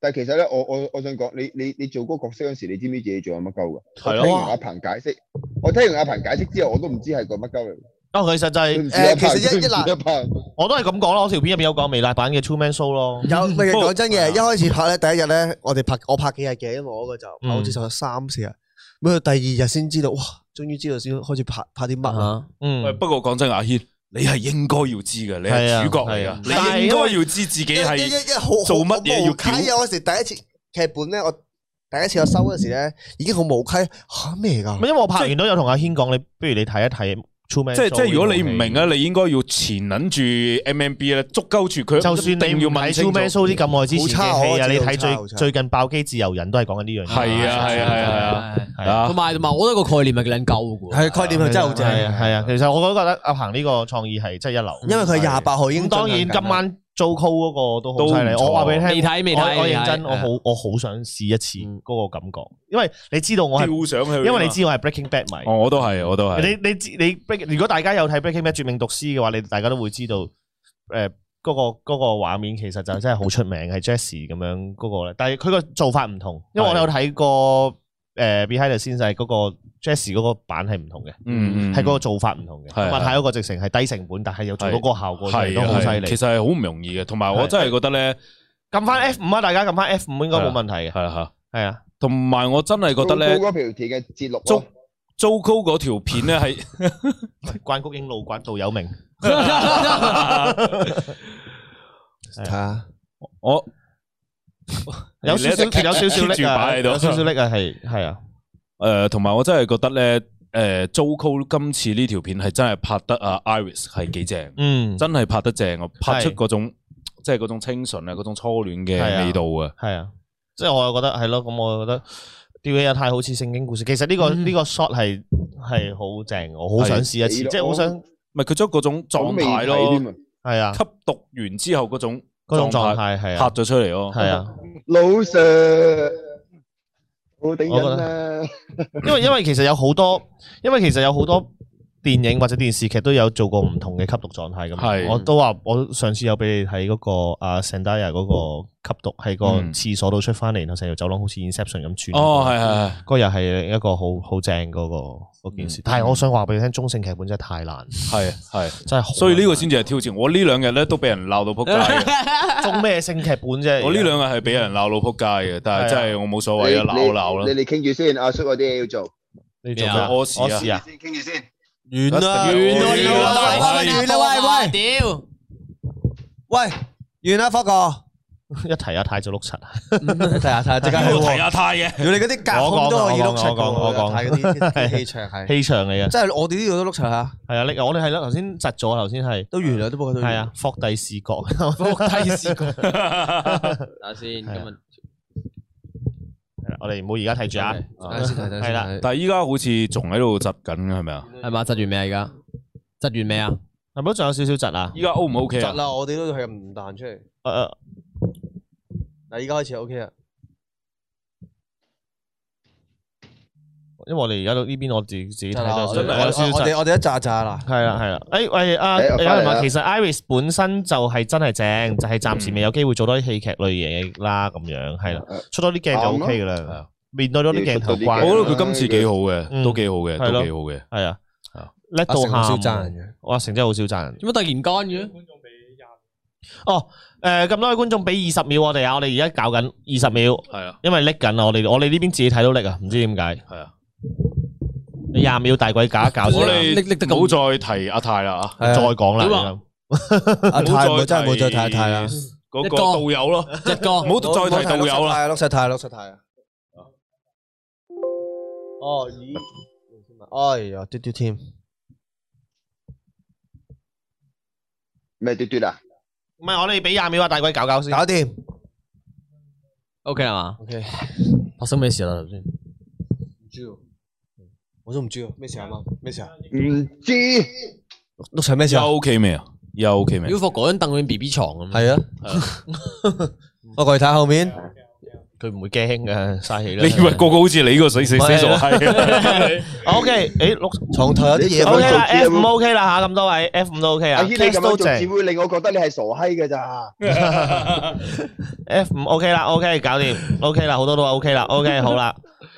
但係其實咧，我我我想講，你你你做嗰個角色嗰時，你知唔知自己做緊乜鳩㗎？係咯的。聽完阿彭解釋，我聽完阿彭解釋之後，我都唔知係個乜鳩嚟。啊，佢實際其實，就是呃、其實一一難，我都係咁講啦。我條片入面有講微辣版嘅 True Man Show 咯。有、嗯，講、嗯、真嘅，嗯、一開始拍咧，第一日咧，我哋拍，我拍幾日嘅，因為我個就好似只受三四日，咁佢第二日先知道，哇，終於知道先開始拍拍啲乜啦。啊、嗯。不過講真，阿軒，你係應該要知嘅，是的你係主角嚟噶的，你應該要知道自己係一一一好做乜嘢要開。有嗰時第一次劇本呢，我第一次我收嗰時呢，已經好無稽吓咩噶？啊、因為我拍完都有同阿軒講，你不如你睇一睇。Um、accurate，即係即係，如果你唔明啊，你應該要前諗住 MMB 咧，捉鳩住佢，一定要買。超名蘇啲咁耐之前啊！我我我你睇最差最近爆機自由人都係講緊呢樣嘢。係啊係啊係啊，同埋同埋，有我覺得個概念係幾靚鳩嘅。係概念係真係好正。係啊，其實我覺覺得阿鵬呢個創意係真係一流。因為佢廿八號已經，當然今晚。做 call 嗰個都好犀利，我話俾你聽，未睇未睇，我認真，我好、嗯、我好想試一次嗰個感覺，因為你知道我係因為你知道我係 Breaking Bad 迷、哦，我都係我都係，你你知你如果大家有睇 Breaking Bad 絕命毒師嘅話，你大家都會知道誒嗰、呃那個嗰、那個、畫面其實就真係好出名，係、嗯、Jesse 咁樣嗰、那個咧，但係佢個做法唔同，因為我有睇過誒 behind the scenes 嗰個。Jazz 嗰個版係唔同嘅，嗯嗯，係嗰個做法唔同嘅，係，係一個直情係低成本，但係有做到嗰個效果都好犀利。其實係好唔容易嘅，同埋我真係覺得咧，撳翻 F 五啊，大家撳翻 F 五應該冇問題嘅，係啦，係，係啊，同埋我真係覺得咧，嗰條片嘅節錄，糟糕嗰條片咧係關谷英路、關道有名，係啊，我有少少，有少少力啊，有少少力啊，係，係啊。誒，同埋我真係覺得咧，誒，Zuko 今次呢條片係真係拍得啊，Iris 係幾正，嗯，真係拍得正，我拍出嗰種即係嗰種清純啊，嗰種初戀嘅味道啊，係啊，即係我又覺得係咯，咁我又覺得調起又太好似聖經故事，其實呢個呢個 shot 係係好正，我好想試一次，即係好想，唔係佢將嗰種狀態咯，係啊，吸毒完之後嗰種嗰種狀態，拍咗出嚟咯，係啊，老成。我頂癮啦！因為 因為其實有好多，因為其實有好多。電影或者電視劇都有做過唔同嘅吸毒狀態咁，我都話我上次有俾你睇嗰個啊，聖達雅嗰個吸毒喺個廁所度出翻嚟，然後成條走廊好似 Inception 咁轉。哦，係係，嗰日係一個好好正嗰個件事。但係我想話俾你聽，中性劇本真係太難。係係，真係。所以呢個先至係挑戰。我呢兩日咧都俾人鬧到仆街。做咩性劇本啫？我呢兩日係俾人鬧到仆街嘅，但係真係我冇所謂啊，鬧鬧啦。你哋傾住先，阿叔有啲嘢要做。你做咩？我試啊。先傾住先。完啦，完啦，完啦，喂喂，屌，喂，完啦，霍哥，一提阿太就碌柒啦，提阿太，即刻要提阿太嘅，要你嗰啲格都可以碌柒嘅，睇嗰啲氣場係，氣場嚟嘅。即係我哋呢度都碌柒吓，係啊，我哋係啦，頭先窒咗，頭先係，都完啦，都冇，係啊，霍帝視覺，霍帝視覺，等下先，今日。我哋唔好而家睇住啊，係啦， 但係依家好似仲喺度執緊嘅係咪啊？係嘛，執完未啊？依家執完未啊？係咪都仲有少少執啊？依家 O 唔 O K 啊？執啦，我哋都係唔彈出嚟。呃呃，嗱，依家開始 O K 啦。因為我哋而家到呢邊，我自自己睇到我哋我哋一扎紮啦。係啦係啦。誒喂阿阿陳文，其實 Iris 本身就係真係正，就係暫時未有機會做多啲戲劇類型啦。咁樣係啦，出多啲鏡就 OK 噶啦。面對咗啲鏡頭，我覺得佢今次幾好嘅，都幾好嘅，都幾好嘅。係啊，叻到嚇！好少贊嘅。哇，成績好少贊。點解突然間嘅？觀眾俾哦，誒咁多位觀眾俾二十秒我哋啊！我哋而家搞緊二十秒。係啊，因為叻緊啊，我哋我哋呢邊自己睇都叻啊，唔知點解。係啊。你廿秒大鬼搞搞先，我哋唔好再提阿泰啦，吓，再講啦。阿泰真係唔好再提阿泰啦，嗰個道友咯，一個唔好再提道友啦，落實太，落實太，落實太。哦，咦，哎呀，嘟嘟添，咩嘟嘟啊？唔係我哋俾廿秒阿大鬼搞搞先，搞掂。OK 係嘛，OK，發生咩事喇？頭先。我都唔知啊，咩事啊嘛？咩事啊？唔知。碌齊咩事啊？有 OK 未啊？有 OK 未？要伏嗰張凳去 BB 床啊？係啊。我過去睇後面，佢唔會驚噶，嘥氣啦。你以為個個好似你呢個死死傻閪。OK，誒，床頭有啲嘢可以做嘅。F 五 OK 啦吓，咁多位 F 五都 OK 啊。K 都正，只會令我覺得你係傻閪嘅咋。F 五 OK 啦，OK，搞掂，OK 啦，好多都係 OK 啦，OK，好啦。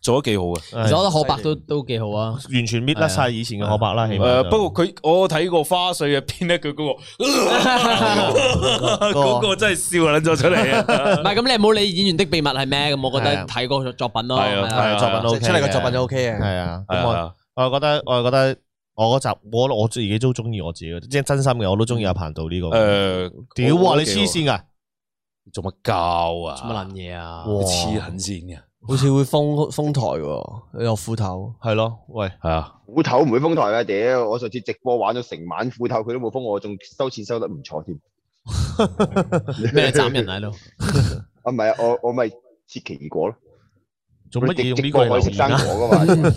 做得幾好嘅，我覺得可白都都幾好啊，完全搣甩晒以前嘅可白啦，不過我睇過花絮入邊咧，佢嗰個嗰個真係笑啊，捻咗出嚟唔係咁，你唔好理演員的秘密係咩咁，我覺得睇個作品咯。出嚟嘅作品就 O K 啊。我我覺得我自己都中意我自己，即真心嘅，我都中意阿彭導呢個。屌啊！你黐線噶，做乜膠啊？做乜撚嘢啊？你黐狠線嘅。好似會封封台喎，你有斧頭，係咯，喂，係啊，斧頭唔會封台噶，屌！我上次直播玩咗成晚斧頭，佢都冇封我，仲收錢收得唔錯添，咩斬人喺度？啊，唔係啊，我我咪切奇異果咯，做乜嘢用呢個可以食生果噶嘛？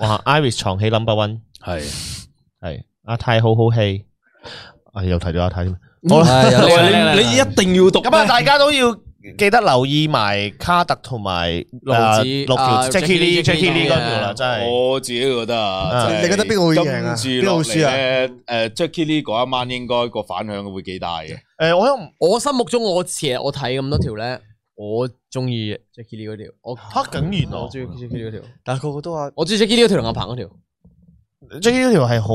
哇，Iris 床戲 number one，係係阿泰好好戲，啊又提到阿泰添，好啦，你你一定要讀，咁啊，大家都要。記得留意埋卡特同埋六六 Jackie Lee Jackie Lee 嗰條啦，真係。我自己覺得啊，你覺得邊個會驚住落嚟咧？誒，Jackie Lee 嗰一晚應該個反響會幾大嘅。誒，我我心目中我琴日我睇咁多條咧，我中意 Jackie Lee 嗰條。我吓，竟然我中意 Jackie Lee 嗰條。但係個個都話我中意 Jackie Lee 條同阿鵬嗰條。Jackie Lee 條係好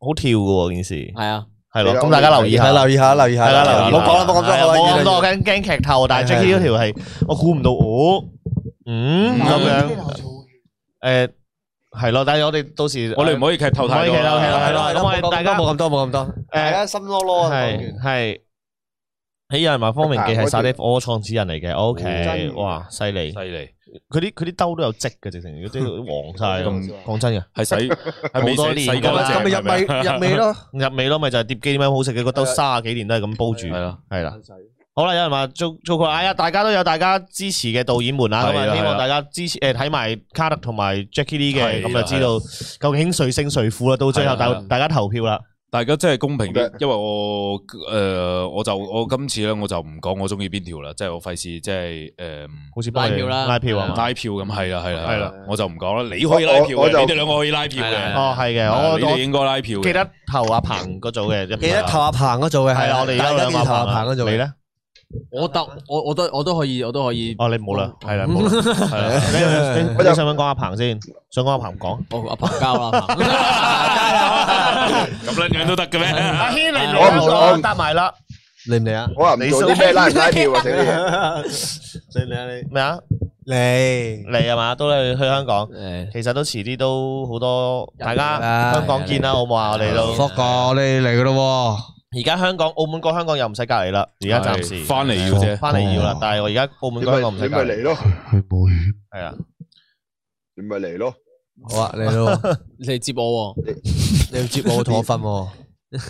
好跳嘅件事。係啊。係咯，咁大家留意下，留意下，留意下啦。唔講啦，唔講咁多，冇咁多驚驚劇透，但係 JK 嗰條係，我估唔到哦。嗯，咁樣。誒，係咯，但係我哋到時，我哋唔可以劇透太多。唔好劇透，劇透係咯，冇咁多，冇咁多，冇咁多。大家心囉囉係。係，喺人民方明記係沙爹鍋創始人嚟嘅，O K，哇，犀利，犀利。佢啲佢啲兜都有積嘅，直情佢啲黃晒，講真嘅係使係好多年咁，咁咪入味入味咯，入味咯，咪就係碟雞點樣好食嘅，個兜三十幾年都係咁煲住，係好啦，有人話做做過，哎呀，大家都有大家支持嘅導演們啦，啊，希望大家支持，誒，睇埋卡特同埋 Jackie Lee 嘅，咁就知道究竟誰勝誰負啦，到最後大大家投票啦。大家真係公平啲，因為我誒，我就我今次咧，我就唔講我中意邊條啦，即係我費事即係誒，好似拉票啦，拉票啊，拉票咁係啦，係啦，係啦，我就唔講啦，你可以拉票，你哋兩個可以拉票嘅，哦，係嘅，你哋應該拉票，記得投阿鵬嗰組嘅，記得投阿鵬嗰組嘅，係啦，我哋而家有兩個投阿鵬嗰組嘅，你咧？我得我，我都我都可以，我都可以。哦，你冇好啦，係啦，係。你你想唔想講阿鵬先？想講阿鵬講，哦，阿鵬交啦。咁兩樣都得嘅咩？阿軒你攞，我攞。得埋啦。嚟唔嚟啊？我做啲咩拉拉票啊？整啲嘢。所以你你咩啊？嚟嚟係嘛？都係去香港。其實都遲啲都好多，大家香港見啦，好唔好啊？我哋都。得噶，你哋嚟噶咯。而家香港、澳門過香港又唔使隔離啦，而家暫時翻嚟要啫，翻嚟要啦。但係我而家澳門過香港唔使，你咪嚟咯，去保險。係啊，你咪嚟咯。好啊，你咯，嚟接我喎，你要接我同我瞓喎。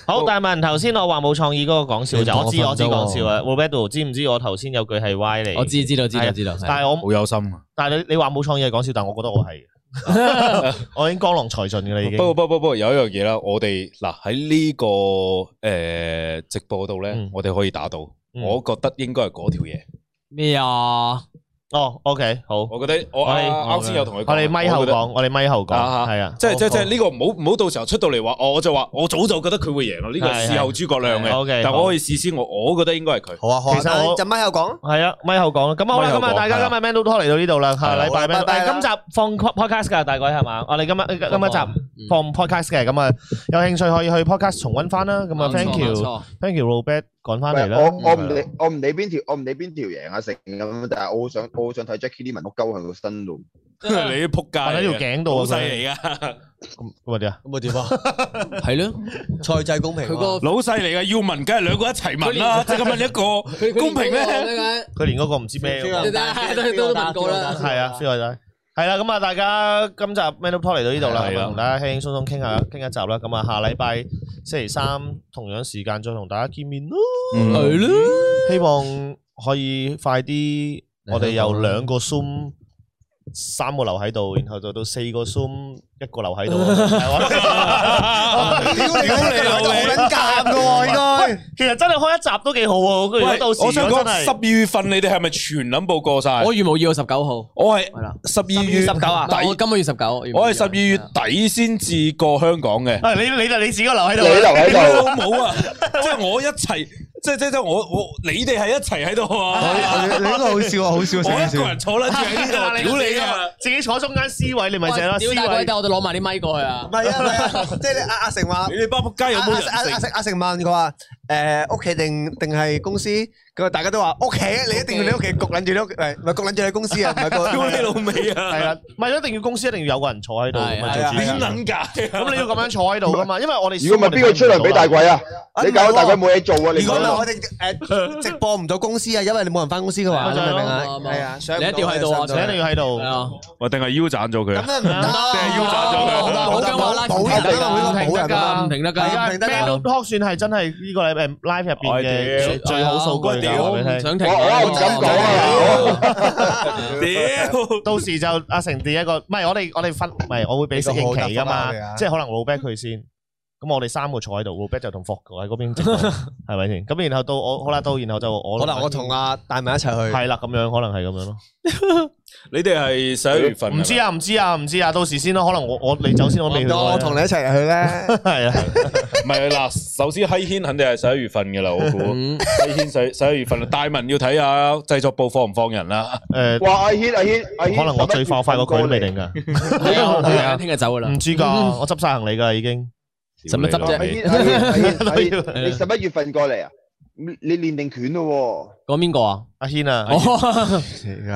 好，大文，頭先我話冇創意嗰個講笑就，我知我知講笑啊。w a d e 知唔知我頭先有句係歪嚟？我知，知道知道知道。但係我好有心。啊。但係你你話冇創意講笑，但係我覺得我係。 我已經江郎才盡㗎喇，已經。不過，不不不，不， 有一樣嘢啦，我哋嗱喺呢個誒、呃、直播度咧，我哋可以打到。嗯、我覺得應該係嗰條嘢。咩啊？哦，OK，好，我覺得我啱先有同佢講，我哋咪後講，我哋咪後講，係啊，即係即係即係呢個唔好唔好到時候出到嚟話，我就話我早就覺得佢會贏咯，呢個事後諸葛亮嘅，但係我可以試先，我我覺得應該係佢。好啊，好啊，其實就咪後講，係啊，咪後講。咁好啦，今日大家今日 Man Do 拖嚟到呢度啦，下禮拜，但係今集放 Podcast 噶，大概係嘛？哦，我哋今日今日集放 Podcast 嘅，咁啊有興趣可以去 Podcast 重溫翻啦，咁啊，Thank you，Thank you，Robert。講翻嚟啦，我我唔理我唔理邊條我唔理邊條贏啊成咁，但係我好想我好想睇 Jackie Lee 問我鳩佢個身度，你仆街，喺條頸度老細嚟噶，咁咪點啊？咁咪點啊？係咯，賽制公平，老細嚟噶要問，梗係兩個一齊問啦，即係唔係一個，公平咩？佢連嗰個唔知咩，係啊，係啊，都都問過啦，係啊，兄弟。係啦，咁啊，大家今集咩都講嚟，到呢度啦，同大家輕輕鬆鬆傾下，傾一集啦。咁啊，下禮拜星期三同樣時間再同大家見面咯。係咯，希望可以快啲，我哋有兩個 Zoom。三個留喺度，然後就到四個 Zoom 一個留喺度。屌、 啊啊啊、 你你，好捻夾噶喎！呢個其實真係開一集都幾好喎。我喂到時真我想講十二月份你哋係咪全諗部過晒？我二冇二號十九號，我係十二月十九啊底。啊我今個月十九，我係十二月底先至過香港嘅。係 你你就你自己你留喺度，留喺度。游冇啊！即係我一齊。即即即我我你哋係一齊喺度，啊。你都好笑，啊，好笑死！我一個人坐啦，喺呢度屌你啊！自己坐中間 C 位， 你咪正啦屌位，但我哋攞埋啲咪過去啊！唔係 啊，啊，即係你阿阿成話， 你哋包扑街有冇人阿？阿阿成阿成問佢話。誒，屋企定定係公司？咁啊，大家都話屋企，你一定要你屋企焗撚住，屋誒，咪焗撚住你公司啊？咪焗啲老味啊！係啦，咪一定要公司，一定要有個人坐喺度咪做主。點諗噶？咁你要咁樣坐喺度噶嘛？因為我哋如果唔係邊個出嚟俾大鬼啊？你搞大鬼冇嘢做啊？如果唔係我哋誒直播唔到公司啊，因為你冇人翻公司嘅話。明唔明啊？係啊，一定要喺度，一定要喺度。喂，定係腰斬咗佢？咁啊唔得啊！腰斬咗，唔得，唔得，唔停得噶，唔停得噶。Man Up Talk，算係真係呢個禮拜。誒，live 入邊嘅最好數據啊！我唔敢講啊！屌，到時就阿成跌一個，唔係我哋我哋分，唔係我會俾試鏡期㗎嘛，即係可能老 back 佢先，咁我哋三個坐喺度，老 back 就同霍哥喺嗰邊，係咪先？咁然後到我，好啦，到然後就我，好啦，我同阿帶埋一齊去，係啦，咁樣可能係咁樣咯。你哋係十一月份？唔知啊，唔知啊，唔知啊，到時先咯。可能我我你走先，我未到。我同你一齊去咧。係 啊，唔係嗱，首先阿軒肯定係十一月份噶啦，我估。阿軒十一月份啦，大文要睇下製作部放唔放人啦。誒，話阿軒阿軒可能我最快快過佢未定噶。係啊係啊，聽日走噶啦。唔知噶，我執晒行李噶已經。使乜執啫？軒你十一月份過嚟啊？你練定拳咯？講邊個啊？阿軒啊，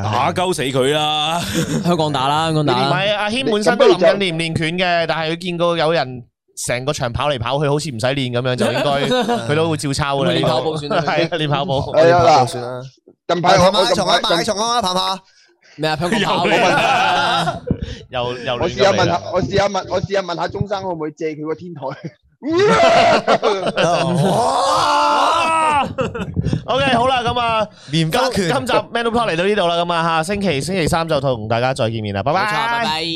打鳩死佢啦！香港打啦，香港打。唔係阿軒本身都諗緊練唔練拳嘅，但係佢見到有人成個場跑嚟跑去，好似唔使練咁樣，就應該佢都會照抄嘅。你跑步算啦，係你跑步。係啦，算啦。近排我買場啊，買場啊，爬爬。咩啊？又又我試下問下，我試下問，我試下問下鍾生可唔可以借佢個天台？OK，好啦，咁啊，年金拳今集 Man Up 嚟到呢度啦，咁啊下星期星期三就同大家再見面啦，拜拜，拜拜。